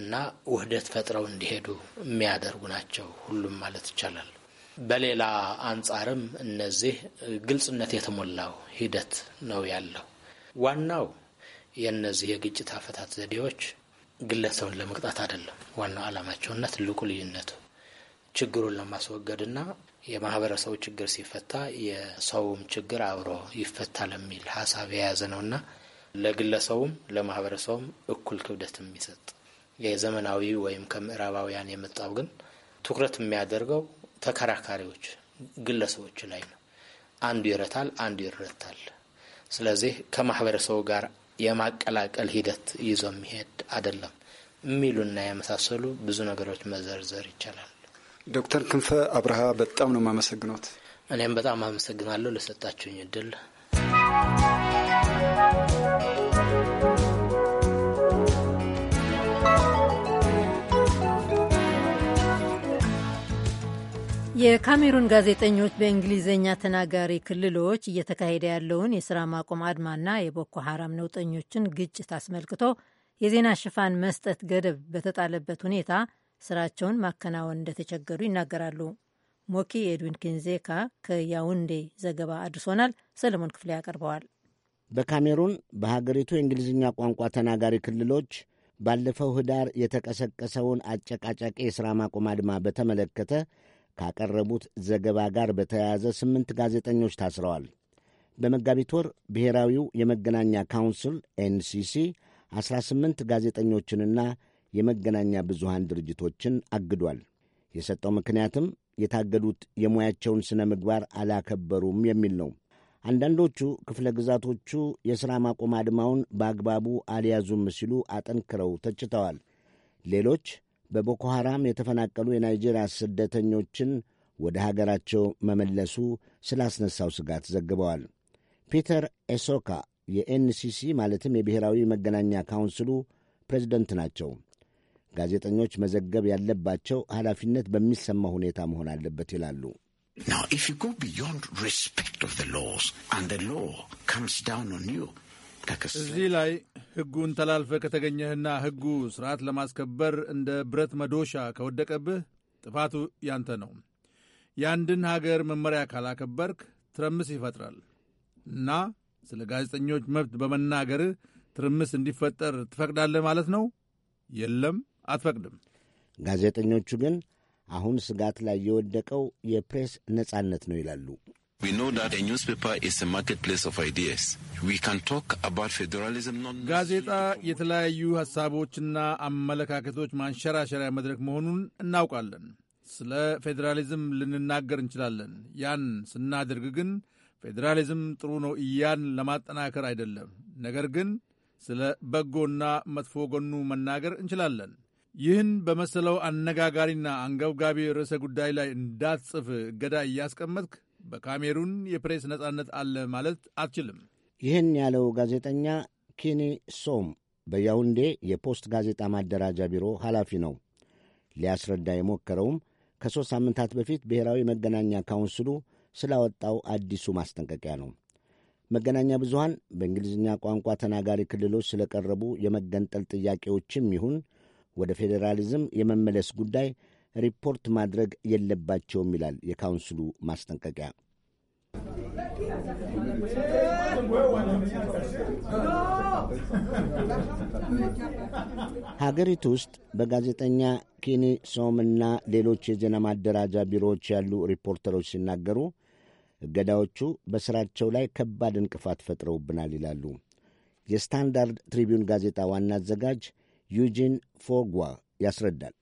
እና ውህደት ፈጥረው እንዲሄዱ የሚያደርጉ ናቸው ሁሉም ማለት ይቻላል። በሌላ አንጻርም እነዚህ ግልጽነት የተሞላው ሂደት ነው ያለው። ዋናው የእነዚህ የግጭት አፈታት ዘዴዎች ግለሰቡን ለመቅጣት አይደለም ዋናው ዓላማቸውና ትልቁ ልዩነቱ ችግሩን ለማስወገድና የማህበረሰቡ ችግር ሲፈታ የሰውም ችግር አብሮ ይፈታል የሚል ሀሳብ የያዘ ነውና ለግለሰቡም ለማህበረሰቡም እኩል ክብደት የሚሰጥ የዘመናዊ ወይም ከምዕራባውያን የመጣው ግን ትኩረት የሚያደርገው ተከራካሪዎች፣ ግለሰቦች ላይ ነው። አንዱ ይረታል፣ አንዱ ይረታል። ስለዚህ ከማህበረሰቡ ጋር የማቀላቀል ሂደት ይዞ የሚሄድ አይደለም የሚሉና የመሳሰሉ ብዙ ነገሮች መዘርዘር ይቻላል። ዶክተር ክንፈ አብርሃ በጣም ነው የማመሰግኖት። እኔም በጣም አመሰግናለሁ ለሰጣችሁኝ እድል። የካሜሩን ጋዜጠኞች በእንግሊዝኛ ተናጋሪ ክልሎች እየተካሄደ ያለውን የሥራ ማቆም አድማና የቦኮ ሐራም ነውጠኞችን ግጭት አስመልክቶ የዜና ሽፋን መስጠት ገደብ በተጣለበት ሁኔታ ስራቸውን ማከናወን እንደተቸገሩ ይናገራሉ። ሞኪ ኤድዊን ኪንዜካ ከያውንዴ ዘገባ አድርሶናል። ሰለሞን ክፍሌ ያቀርበዋል። በካሜሩን በሀገሪቱ የእንግሊዝኛ ቋንቋ ተናጋሪ ክልሎች ባለፈው ህዳር የተቀሰቀሰውን አጨቃጫቂ የሥራ ማቆም አድማ በተመለከተ ካቀረቡት ዘገባ ጋር በተያያዘ ስምንት ጋዜጠኞች ታስረዋል። በመጋቢት ወር ብሔራዊው የመገናኛ ካውንስል ኤንሲሲ 18 ጋዜጠኞችንና የመገናኛ ብዙሃን ድርጅቶችን አግዷል። የሰጠው ምክንያትም የታገዱት የሙያቸውን ሥነ ምግባር አላከበሩም የሚል ነው። አንዳንዶቹ ክፍለ ግዛቶቹ የሥራ ማቆም አድማውን በአግባቡ አልያዙም ሲሉ አጠንክረው ተችተዋል። ሌሎች በቦኮ ሐራም የተፈናቀሉ የናይጄሪያ ስደተኞችን ወደ ሀገራቸው መመለሱ ስላስነሳው ስጋት ዘግበዋል። ፒተር ኤሶካ የኤንሲሲ ማለትም የብሔራዊ መገናኛ ካውንስሉ ፕሬዝደንት ናቸው። ጋዜጠኞች መዘገብ ያለባቸው ኃላፊነት በሚሰማ ሁኔታ መሆን አለበት ይላሉ። Now, if you go beyond respect of the laws and the law comes down on you, ከክስ እዚህ ላይ ህጉን ተላልፈ ከተገኘህና ህጉ ስርዓት ለማስከበር እንደ ብረት መዶሻ ከወደቀብህ ጥፋቱ ያንተ ነው። የአንድን ሀገር መመሪያ ካላከበርክ ትርምስ ይፈጥራል እና ስለ ጋዜጠኞች መብት በመናገር ትርምስ እንዲፈጠር ትፈቅዳለህ ማለት ነው? የለም፣ አትፈቅድም። ጋዜጠኞቹ ግን አሁን ስጋት ላይ የወደቀው የፕሬስ ነጻነት ነው ይላሉ። ጋዜጣ የተለያዩ ሀሳቦችና አመለካከቶች ማንሸራሸሪያ መድረክ መሆኑን እናውቃለን። ስለ ፌዴራሊዝም ልንናገር እንችላለን። ያን ስናደርግ ግን ፌዴራሊዝም ጥሩ ነው እያን ለማጠናከር አይደለም። ነገር ግን ስለ በጎና መጥፎ ጎኑ መናገር እንችላለን። ይህን በመሰለው አነጋጋሪና አንገብጋቢ ርዕሰ ጉዳይ ላይ እንዳትጽፍ እገዳ እያስቀመጥክ በካሜሩን የፕሬስ ነጻነት አለ ማለት አትችልም። ይህን ያለው ጋዜጠኛ ኪኒ ሶም በያውንዴ የፖስት ጋዜጣ ማደራጃ ቢሮ ኃላፊ ነው። ሊያስረዳ የሞከረውም ከሦስት ሳምንታት በፊት ብሔራዊ መገናኛ ካውንስሉ ስላወጣው አዲሱ ማስጠንቀቂያ ነው። መገናኛ ብዙሃን በእንግሊዝኛ ቋንቋ ተናጋሪ ክልሎች ስለቀረቡ የመገንጠል ጥያቄዎችም ይሁን ወደ ፌዴራሊዝም የመመለስ ጉዳይ ሪፖርት ማድረግ የለባቸውም ይላል የካውንስሉ ማስጠንቀቂያ። ሀገሪቱ ውስጥ በጋዜጠኛ ኬኒ ሶምና ሌሎች የዜና ማደራጃ ቢሮዎች ያሉ ሪፖርተሮች ሲናገሩ እገዳዎቹ በሥራቸው ላይ ከባድ እንቅፋት ፈጥረውብናል ይላሉ። የስታንዳርድ ትሪቢዩን ጋዜጣ ዋና አዘጋጅ ዩጂን ፎጓ ያስረዳል።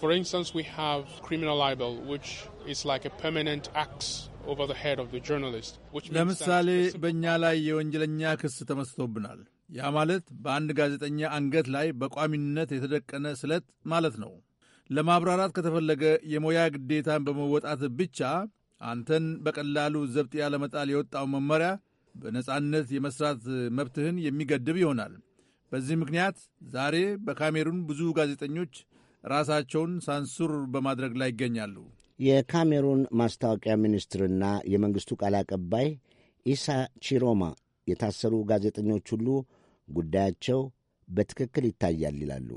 For instance, we have criminal libel, which is like a permanent axe over the head of the journalist. ለምሳሌ በእኛ ላይ የወንጀለኛ ክስ ተመስቶብናል። ያ ማለት በአንድ ጋዜጠኛ አንገት ላይ በቋሚነት የተደቀነ ስለት ማለት ነው። ለማብራራት ከተፈለገ የሙያ ግዴታን በመወጣት ብቻ አንተን በቀላሉ ዘብጥ ያለመጣል የወጣው መመሪያ በነጻነት የመስራት መብትህን የሚገድብ ይሆናል። በዚህ ምክንያት ዛሬ በካሜሩን ብዙ ጋዜጠኞች ራሳቸውን ሳንሱር በማድረግ ላይ ይገኛሉ። የካሜሩን ማስታወቂያ ሚኒስትርና የመንግሥቱ ቃል አቀባይ ኢሳ ቺሮማ የታሰሩ ጋዜጠኞች ሁሉ ጉዳያቸው በትክክል ይታያል ይላሉ።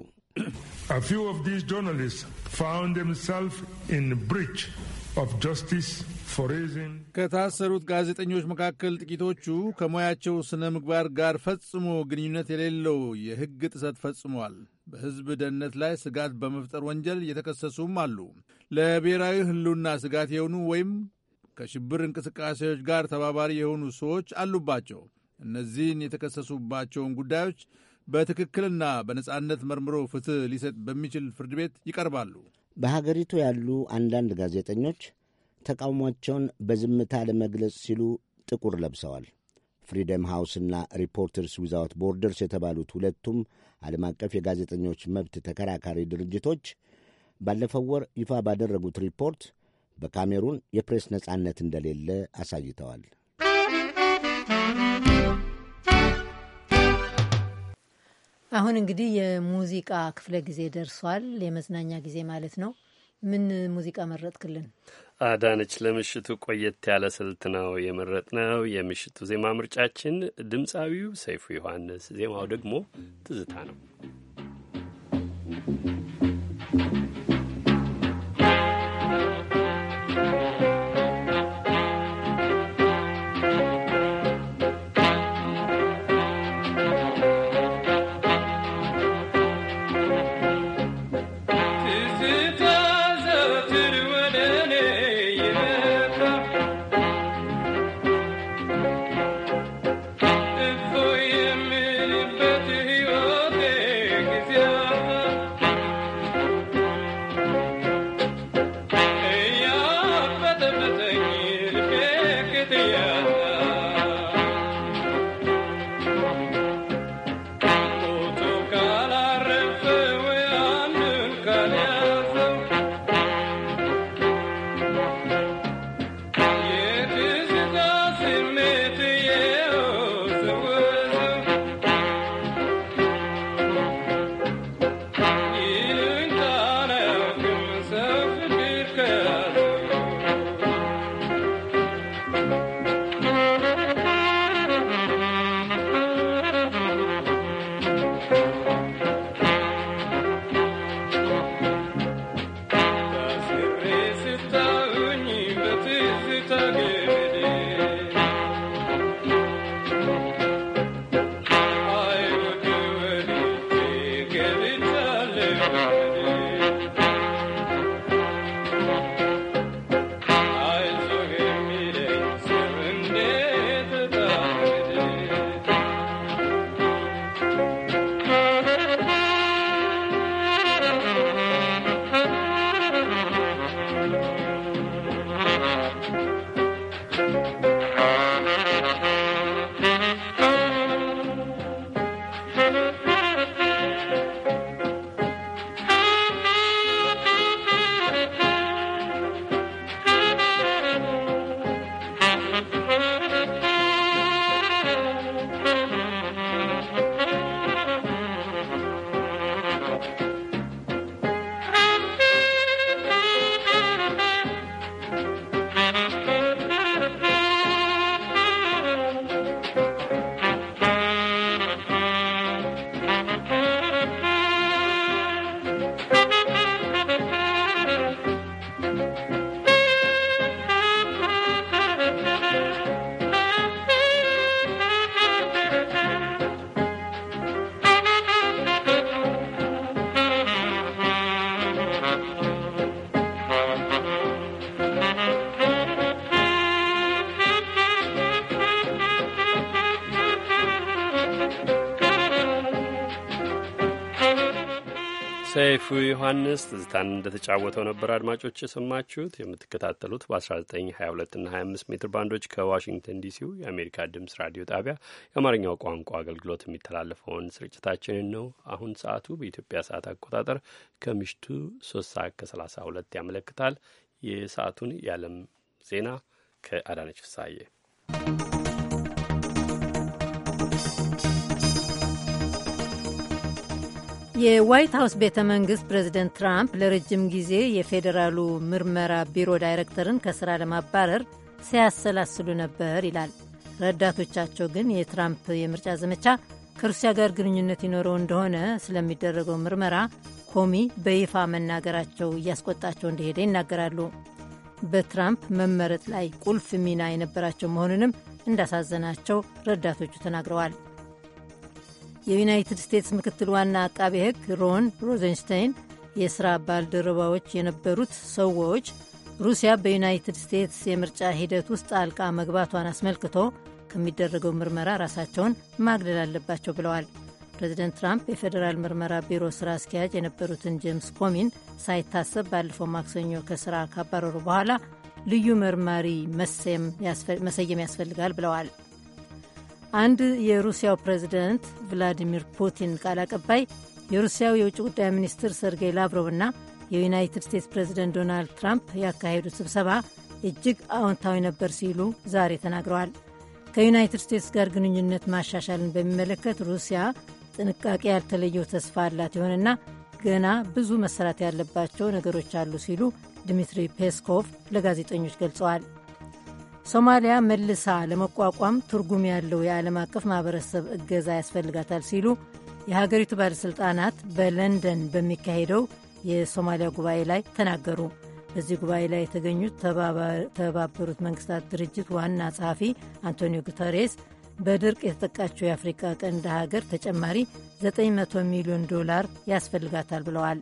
ከታሰሩት ጋዜጠኞች መካከል ጥቂቶቹ ከሙያቸው ሥነ ምግባር ጋር ፈጽሞ ግንኙነት የሌለው የሕግ ጥሰት ፈጽመዋል። በሕዝብ ደህንነት ላይ ስጋት በመፍጠር ወንጀል የተከሰሱም አሉ። ለብሔራዊ ሕልውና ስጋት የሆኑ ወይም ከሽብር እንቅስቃሴዎች ጋር ተባባሪ የሆኑ ሰዎች አሉባቸው። እነዚህን የተከሰሱባቸውን ጉዳዮች በትክክልና በነጻነት መርምሮ ፍትሕ ሊሰጥ በሚችል ፍርድ ቤት ይቀርባሉ። በሀገሪቱ ያሉ አንዳንድ ጋዜጠኞች ተቃውሟቸውን በዝምታ ለመግለጽ ሲሉ ጥቁር ለብሰዋል። ፍሪደም ሃውስና ሪፖርተርስ ዊዛውት ቦርደርስ የተባሉት ሁለቱም ዓለም አቀፍ የጋዜጠኞች መብት ተከራካሪ ድርጅቶች ባለፈው ወር ይፋ ባደረጉት ሪፖርት በካሜሩን የፕሬስ ነጻነት እንደሌለ አሳይተዋል። አሁን እንግዲህ የሙዚቃ ክፍለ ጊዜ ደርሷል። የመዝናኛ ጊዜ ማለት ነው። ምን ሙዚቃ መረጥክልን? አዳነች ለምሽቱ ቆየት ያለ ስልት ነው የመረጥ ነው። የምሽቱ ዜማ ምርጫችን ድምፃዊው ሰይፉ ዮሐንስ፣ ዜማው ደግሞ ትዝታ ነው። ዮሐንስ ትዝታን እንደተጫወተው ነበር አድማጮች የሰማችሁት። የምትከታተሉት በ1922 እና 25 ሜትር ባንዶች ከዋሽንግተን ዲሲው የአሜሪካ ድምፅ ራዲዮ ጣቢያ የአማርኛው ቋንቋ አገልግሎት የሚተላለፈውን ስርጭታችንን ነው። አሁን ሰዓቱ በኢትዮጵያ ሰዓት አቆጣጠር ከምሽቱ 3 ሰዓት ከ32 ያመለክታል። የሰዓቱን የዓለም ዜና ከአዳነች ፍሳዬ የዋይት ሀውስ ቤተ መንግስት ፕሬዚደንት ትራምፕ ለረጅም ጊዜ የፌዴራሉ ምርመራ ቢሮ ዳይሬክተርን ከስራ ለማባረር ሲያሰላስሉ ነበር ይላል። ረዳቶቻቸው ግን የትራምፕ የምርጫ ዘመቻ ከሩሲያ ጋር ግንኙነት ይኖረው እንደሆነ ስለሚደረገው ምርመራ ኮሚ በይፋ መናገራቸው እያስቆጣቸው እንደሄደ ይናገራሉ። በትራምፕ መመረጥ ላይ ቁልፍ ሚና የነበራቸው መሆኑንም እንዳሳዘናቸው ረዳቶቹ ተናግረዋል። የዩናይትድ ስቴትስ ምክትል ዋና አቃቤ ሕግ ሮን ሮዘንስታይን የሥራ ባልደረባዎች የነበሩት ሰዎች ሩሲያ በዩናይትድ ስቴትስ የምርጫ ሂደት ውስጥ ጣልቃ መግባቷን አስመልክቶ ከሚደረገው ምርመራ ራሳቸውን ማግለል አለባቸው ብለዋል። ፕሬዚደንት ትራምፕ የፌዴራል ምርመራ ቢሮ ሥራ አስኪያጅ የነበሩትን ጄምስ ኮሚን ሳይታሰብ ባለፈው ማክሰኞ ከሥራ ካባረሩ በኋላ ልዩ መርማሪ መሰየም ያስፈልጋል ብለዋል። አንድ የሩሲያው ፕሬዝደንት ቭላዲሚር ፑቲን ቃል አቀባይ የሩሲያው የውጭ ጉዳይ ሚኒስትር ሰርጌይ ላቭሮቭና የዩናይትድ ስቴትስ ፕሬዝደንት ዶናልድ ትራምፕ ያካሄዱት ስብሰባ እጅግ አዎንታዊ ነበር ሲሉ ዛሬ ተናግረዋል። ከዩናይትድ ስቴትስ ጋር ግንኙነት ማሻሻልን በሚመለከት ሩሲያ ጥንቃቄ ያልተለየው ተስፋ አላት። ይሁንና ገና ብዙ መሰራት ያለባቸው ነገሮች አሉ ሲሉ ድሚትሪ ፔስኮቭ ለጋዜጠኞች ገልጸዋል። ሶማሊያ መልሳ ለመቋቋም ትርጉም ያለው የዓለም አቀፍ ማህበረሰብ እገዛ ያስፈልጋታል ሲሉ የሀገሪቱ ባለሥልጣናት በለንደን በሚካሄደው የሶማሊያ ጉባኤ ላይ ተናገሩ። በዚህ ጉባኤ ላይ የተገኙት ተባበሩት መንግስታት ድርጅት ዋና ጸሐፊ አንቶኒዮ ጉተሬስ በድርቅ የተጠቃቸው የአፍሪካ ቀንድ ሀገር ተጨማሪ 900 ሚሊዮን ዶላር ያስፈልጋታል ብለዋል።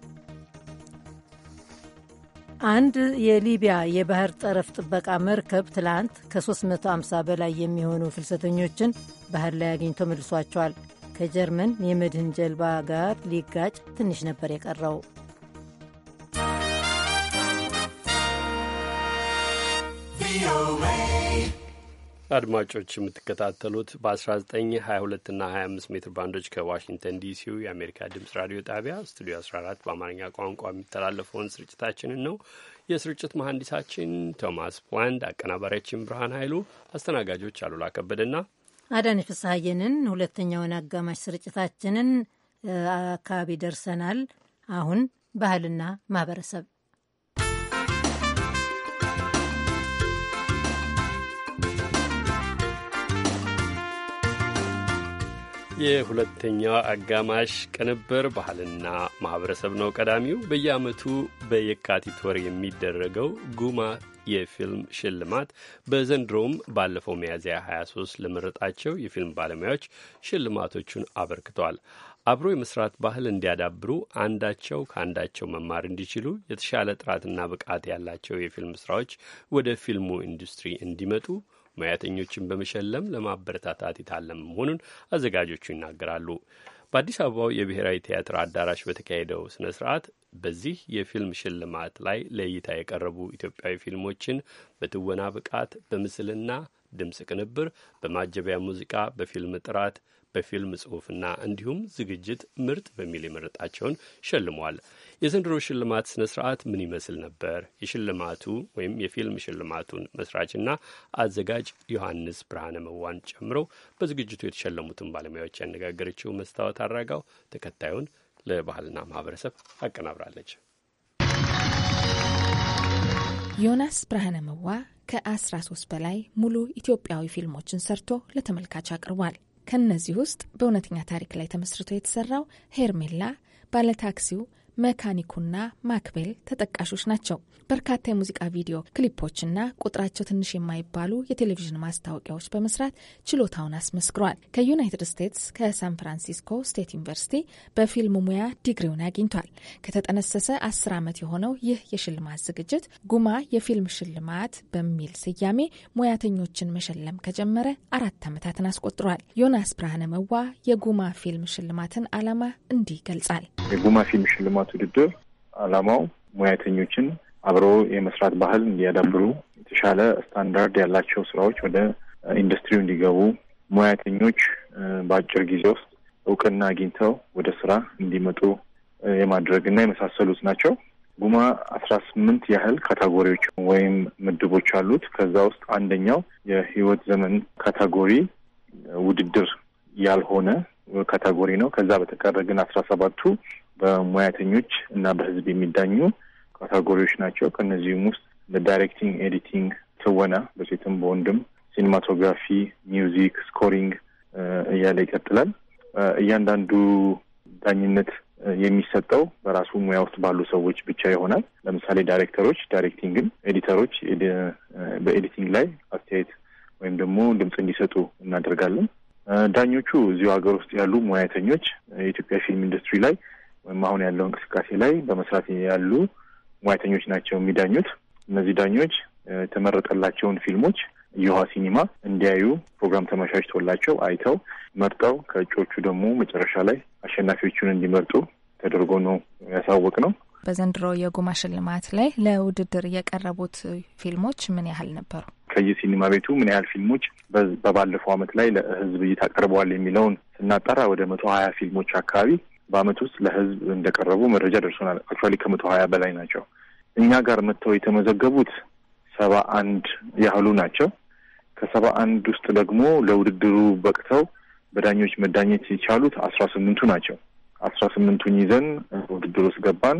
አንድ የሊቢያ የባህር ጠረፍ ጥበቃ መርከብ ትላንት ከ350 በላይ የሚሆኑ ፍልሰተኞችን ባህር ላይ አግኝቶ መልሷቸዋል። ከጀርመን የመድህን ጀልባ ጋር ሊጋጭ ትንሽ ነበር የቀረው። ቪኦኤ አድማጮች የምትከታተሉት በ1922 እና 25 ሜትር ባንዶች ከዋሽንግተን ዲሲው የአሜሪካ ድምጽ ራዲዮ ጣቢያ ስቱዲዮ 14 በአማርኛ ቋንቋ የሚተላለፈውን ስርጭታችንን ነው። የስርጭት መሐንዲሳችን ቶማስ ፕላንድ፣ አቀናባሪያችን ብርሃን ኃይሉ፣ አስተናጋጆች አሉላ ከበደና አዳነች ፍስሐየንን። ሁለተኛውን አጋማሽ ስርጭታችንን አካባቢ ደርሰናል። አሁን ባህልና ማህበረሰብ የሁለተኛው አጋማሽ ቅንብር ባህልና ማህበረሰብ ነው። ቀዳሚው በየዓመቱ በየካቲት ወር የሚደረገው ጉማ የፊልም ሽልማት በዘንድሮም ባለፈው ሚያዝያ 23 ለመረጣቸው የፊልም ባለሙያዎች ሽልማቶቹን አበርክተዋል። አብሮ የመስራት ባህል እንዲያዳብሩ አንዳቸው ከአንዳቸው መማር እንዲችሉ የተሻለ ጥራትና ብቃት ያላቸው የፊልም ስራዎች ወደ ፊልሙ ኢንዱስትሪ እንዲመጡ ሙያተኞችን በመሸለም ለማበረታታት የታለመ መሆኑን አዘጋጆቹ ይናገራሉ። በአዲስ አበባው የብሔራዊ ቲያትር አዳራሽ በተካሄደው ስነ ስርዓት በዚህ የፊልም ሽልማት ላይ ለእይታ የቀረቡ ኢትዮጵያዊ ፊልሞችን በትወና ብቃት፣ በምስልና ድምፅ ቅንብር፣ በማጀቢያ ሙዚቃ፣ በፊልም ጥራት በፊልም ጽሑፍና እንዲሁም ዝግጅት ምርጥ በሚል የመረጣቸውን ሸልሟል። የዘንድሮ ሽልማት ስነ ስርዓት ምን ይመስል ነበር? የሽልማቱ ወይም የፊልም ሽልማቱን መስራችና አዘጋጅ ዮሐንስ ብርሃነ መዋን ጨምሮ በዝግጅቱ የተሸለሙትን ባለሙያዎች ያነጋገረችው መስታወት አራጋው ተከታዩን ለባህልና ማህበረሰብ አቀናብራለች። ዮናስ ብርሃነ መዋ ከ13 በላይ ሙሉ ኢትዮጵያዊ ፊልሞችን ሰርቶ ለተመልካች አቅርቧል። ከእነዚህ ውስጥ በእውነተኛ ታሪክ ላይ ተመስርቶ የተሰራው ሄርሜላ፣ ባለታክሲው መካኒኩና ማክቤል ተጠቃሾች ናቸው። በርካታ የሙዚቃ ቪዲዮ ክሊፖችና ቁጥራቸው ትንሽ የማይባሉ የቴሌቪዥን ማስታወቂያዎች በመስራት ችሎታውን አስመስክሯል። ከዩናይትድ ስቴትስ ከሳን ፍራንሲስኮ ስቴት ዩኒቨርሲቲ በፊልም ሙያ ዲግሪውን አግኝቷል። ከተጠነሰሰ አስር ዓመት የሆነው ይህ የሽልማት ዝግጅት ጉማ የፊልም ሽልማት በሚል ስያሜ ሙያተኞችን መሸለም ከጀመረ አራት ዓመታትን አስቆጥሯል። ዮናስ ብርሃነ መዋ የጉማ ፊልም ሽልማትን ዓላማ እንዲህ ይገልጻል። የጉማ ፊልም ሽልማት የመስራት ውድድር አላማው ሙያተኞችን አብሮ የመስራት ባህል እንዲያዳብሩ የተሻለ ስታንዳርድ ያላቸው ስራዎች ወደ ኢንዱስትሪው እንዲገቡ ሙያተኞች በአጭር ጊዜ ውስጥ እውቅና አግኝተው ወደ ስራ እንዲመጡ የማድረግ እና የመሳሰሉት ናቸው። ጉማ አስራ ስምንት ያህል ካታጎሪዎች ወይም ምድቦች አሉት። ከዛ ውስጥ አንደኛው የህይወት ዘመን ካታጎሪ ውድድር ያልሆነ ካታጎሪ ነው። ከዛ በተቀረ ግን አስራ ሰባቱ በሙያተኞች እና በህዝብ የሚዳኙ ካታጎሪዎች ናቸው። ከእነዚህም ውስጥ ለዳይሬክቲንግ፣ ኤዲቲንግ፣ ትወና በሴትም በወንድም፣ ሲኒማቶግራፊ፣ ሚውዚክ ስኮሪንግ እያለ ይቀጥላል። እያንዳንዱ ዳኝነት የሚሰጠው በራሱ ሙያ ውስጥ ባሉ ሰዎች ብቻ ይሆናል። ለምሳሌ ዳይሬክተሮች ዳይሬክቲንግን፣ ኤዲተሮች በኤዲቲንግ ላይ አስተያየት ወይም ደግሞ ድምፅ እንዲሰጡ እናደርጋለን። ዳኞቹ እዚሁ ሀገር ውስጥ ያሉ ሙያተኞች የኢትዮጵያ ፊልም ኢንዱስትሪ ላይ ወይም አሁን ያለው እንቅስቃሴ ላይ በመስራት ያሉ ሙያተኞች ናቸው የሚዳኙት። እነዚህ ዳኞች የተመረጠላቸውን ፊልሞች የውሃ ሲኒማ እንዲያዩ ፕሮግራም ተመቻችቶላቸው አይተው መርጠው ከእጩዎቹ ደግሞ መጨረሻ ላይ አሸናፊዎቹን እንዲመርጡ ተደርጎ ነው ያሳወቅ ነው። በዘንድሮ የጉማ ሽልማት ላይ ለውድድር የቀረቡት ፊልሞች ምን ያህል ነበሩ? ከየሲኒማ ቤቱ ምን ያህል ፊልሞች በባለፈው ዓመት ላይ ለሕዝብ እይታ ቀርበዋል የሚለውን ስናጠራ ወደ መቶ ሀያ ፊልሞች አካባቢ በአመት ውስጥ ለህዝብ እንደቀረቡ መረጃ ደርሶናል። አክቹዋሊ ከመቶ ሀያ በላይ ናቸው። እኛ ጋር መጥተው የተመዘገቡት ሰባ አንድ ያህሉ ናቸው። ከሰባ አንድ ውስጥ ደግሞ ለውድድሩ በቅተው በዳኞች መዳኘት የቻሉት አስራ ስምንቱ ናቸው። አስራ ስምንቱን ይዘን ውድድር ውስጥ ገባን።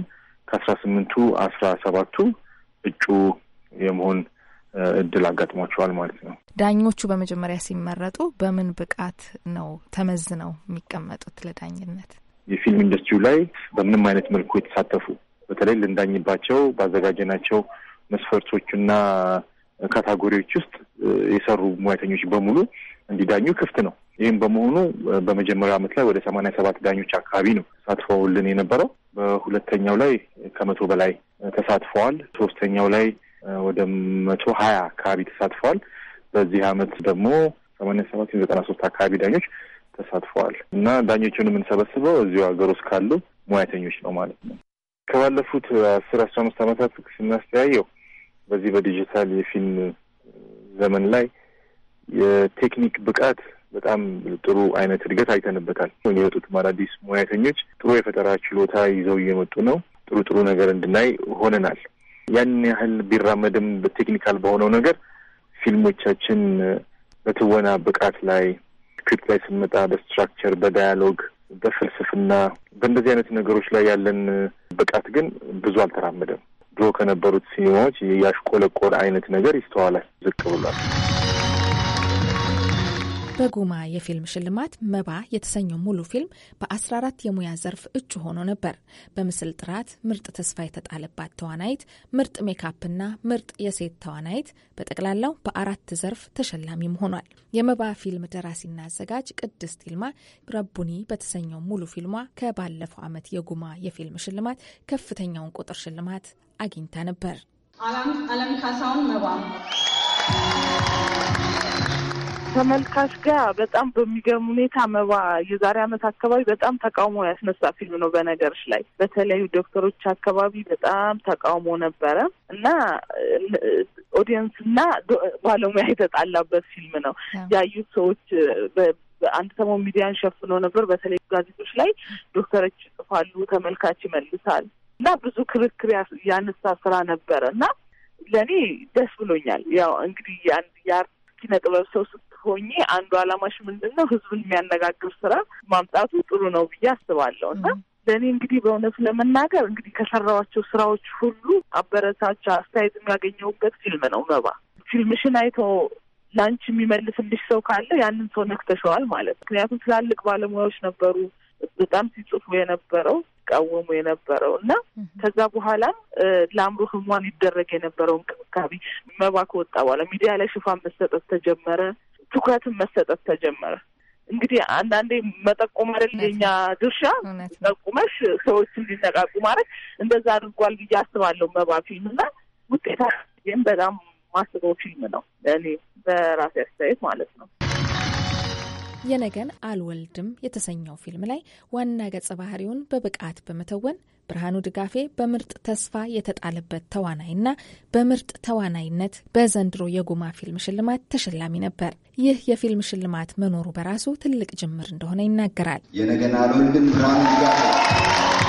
ከአስራ ስምንቱ አስራ ሰባቱ እጩ የመሆን እድል አጋጥሟቸዋል ማለት ነው። ዳኞቹ በመጀመሪያ ሲመረጡ በምን ብቃት ነው ተመዝነው የሚቀመጡት ለዳኝነት? የፊልም ኢንዱስትሪው ላይ በምንም አይነት መልኩ የተሳተፉ በተለይ ልንዳኝባቸው ባዘጋጀናቸው መስፈርቶችና ካታጎሪዎች ውስጥ የሰሩ ሙያተኞች በሙሉ እንዲዳኙ ክፍት ነው። ይህም በመሆኑ በመጀመሪያው ዓመት ላይ ወደ ሰማንያ ሰባት ዳኞች አካባቢ ነው ተሳትፈውልን የነበረው። በሁለተኛው ላይ ከመቶ በላይ ተሳትፈዋል። ሶስተኛው ላይ ወደ መቶ ሀያ አካባቢ ተሳትፈዋል። በዚህ ዓመት ደግሞ ሰማንያ ሰባት ዘጠና ሶስት አካባቢ ዳኞች ተሳትፈዋል እና ዳኞቹን የምንሰበስበው እዚሁ ሀገር ውስጥ ካሉ ሙያተኞች ነው ማለት ነው። ከባለፉት አስር አስራ አምስት ዓመታት ስናስተያየው በዚህ በዲጂታል የፊልም ዘመን ላይ የቴክኒክ ብቃት በጣም ጥሩ አይነት እድገት አይተንበታል። የወጡትም አዳዲስ ሙያተኞች ጥሩ የፈጠራ ችሎታ ይዘው እየመጡ ነው። ጥሩ ጥሩ ነገር እንድናይ ሆነናል። ያን ያህል ቢራመድም በቴክኒካል በሆነው ነገር ፊልሞቻችን በትወና ብቃት ላይ ስክሪፕት ላይ ስንመጣ በስትራክቸር፣ በዳያሎግ፣ በፍልስፍና በእንደዚህ አይነት ነገሮች ላይ ያለን ብቃት ግን ብዙ አልተራመደም። ድሮ ከነበሩት ሲኒማዎች ያሽቆለቆለ አይነት ነገር ይስተዋላል። ዝቅ ብሏል። በጉማ የፊልም ሽልማት መባ የተሰኘው ሙሉ ፊልም በ14 የሙያ ዘርፍ እጩ ሆኖ ነበር። በምስል ጥራት፣ ምርጥ ተስፋ የተጣለባት ተዋናይት፣ ምርጥ ሜካፕና ምርጥ የሴት ተዋናይት በጠቅላላው በአራት ዘርፍ ተሸላሚም ሆኗል። የመባ ፊልም ደራሲና አዘጋጅ ቅድስት ይልማ ረቡኒ በተሰኘው ሙሉ ፊልሟ ከባለፈው ዓመት የጉማ የፊልም ሽልማት ከፍተኛውን ቁጥር ሽልማት አግኝታ ነበር። አለም ካሳውን መባ ተመልካች ጋር በጣም በሚገርም ሁኔታ መባ የዛሬ አመት አካባቢ በጣም ተቃውሞ ያስነሳ ፊልም ነው። በነገሮች ላይ በተለያዩ ዶክተሮች አካባቢ በጣም ተቃውሞ ነበረ እና ኦዲየንስ እና ባለሙያ የተጣላበት ፊልም ነው። ያዩት ሰዎች አንድ ሰሞን ሚዲያን ሸፍኖ ነበር። በተለያዩ ጋዜጦች ላይ ዶክተሮች ይጽፋሉ፣ ተመልካች ይመልሳል እና ብዙ ክርክር ያነሳ ስራ ነበረ እና ለእኔ ደስ ብሎኛል። ያው እንግዲህ የአንድ የአርት ኪነ ጥበብ ሰው ስትሆኚ አንዱ አላማሽ ምንድን ነው ህዝብን የሚያነጋግር ስራ ማምጣቱ ጥሩ ነው ብዬ አስባለሁ እና ለእኔ እንግዲህ በእውነቱ ለመናገር እንግዲህ ከሰራኋቸው ስራዎች ሁሉ አበረታች አስተያየት የሚያገኘውበት ፊልም ነው መባ። ፊልምሽን አይቶ ለአንቺ የሚመልስልሽ ሰው ካለ ያንን ሰው ነክተሸዋል ማለት ምክንያቱም ትላልቅ ባለሙያዎች ነበሩ በጣም ሲጽፉ የነበረው ሲቃወሙ የነበረው እና ከዛ በኋላም ለአእምሮ ህሟን ይደረግ የነበረው እንክብካቤ መባ ከወጣ በኋላ ሚዲያ ላይ ሽፋን መሰጠት ተጀመረ፣ ትኩረትን መሰጠት ተጀመረ። እንግዲህ አንዳንዴ መጠቆም አይደል የኛ ድርሻ፣ ጠቁመሽ ሰዎች እንዲነቃቁ ማለት። እንደዛ አድርጓል ብዬ አስባለሁ። መባ ፊልም እና ውጤታ በጣም ማስበው ፊልም ነው እኔ በራሴ አስተያየት ማለት ነው። የነገን አልወልድም የተሰኘው ፊልም ላይ ዋና ገጸ ባህሪውን በብቃት በመተወን ብርሃኑ ድጋፌ በምርጥ ተስፋ የተጣለበት ተዋናይና በምርጥ ተዋናይነት በዘንድሮ የጉማ ፊልም ሽልማት ተሸላሚ ነበር። ይህ የፊልም ሽልማት መኖሩ በራሱ ትልቅ ጅምር እንደሆነ ይናገራል። የነገን አልወልድም ብርሃኑ ድጋፌ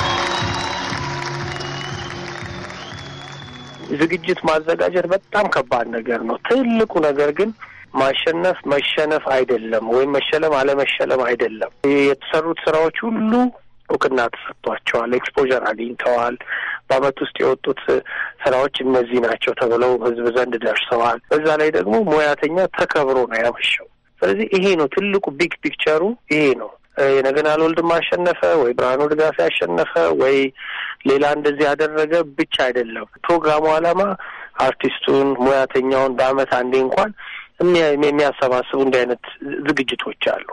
ዝግጅት ማዘጋጀት በጣም ከባድ ነገር ነው። ትልቁ ነገር ግን ማሸነፍ መሸነፍ አይደለም፣ ወይም መሸለም አለመሸለም አይደለም። የተሰሩት ስራዎች ሁሉ እውቅና ተሰጥቷቸዋል፣ ኤክስፖዠር አግኝተዋል። በአመት ውስጥ የወጡት ስራዎች እነዚህ ናቸው ተብለው ህዝብ ዘንድ ደርሰዋል። በዛ ላይ ደግሞ ሙያተኛ ተከብሮ ነው ያመሸው። ስለዚህ ይሄ ነው ትልቁ ቢግ ፒክቸሩ ይሄ ነው። የነገን አልወልድም አሸነፈ ወይ ብርሃኑ ድጋፍ ያሸነፈ ወይ ሌላ እንደዚህ ያደረገ ብቻ አይደለም። ፕሮግራሙ ዓላማ አርቲስቱን፣ ሙያተኛውን በአመት አንዴ እንኳን የሚያሰባስቡ እንዲህ አይነት ዝግጅቶች አሉ፣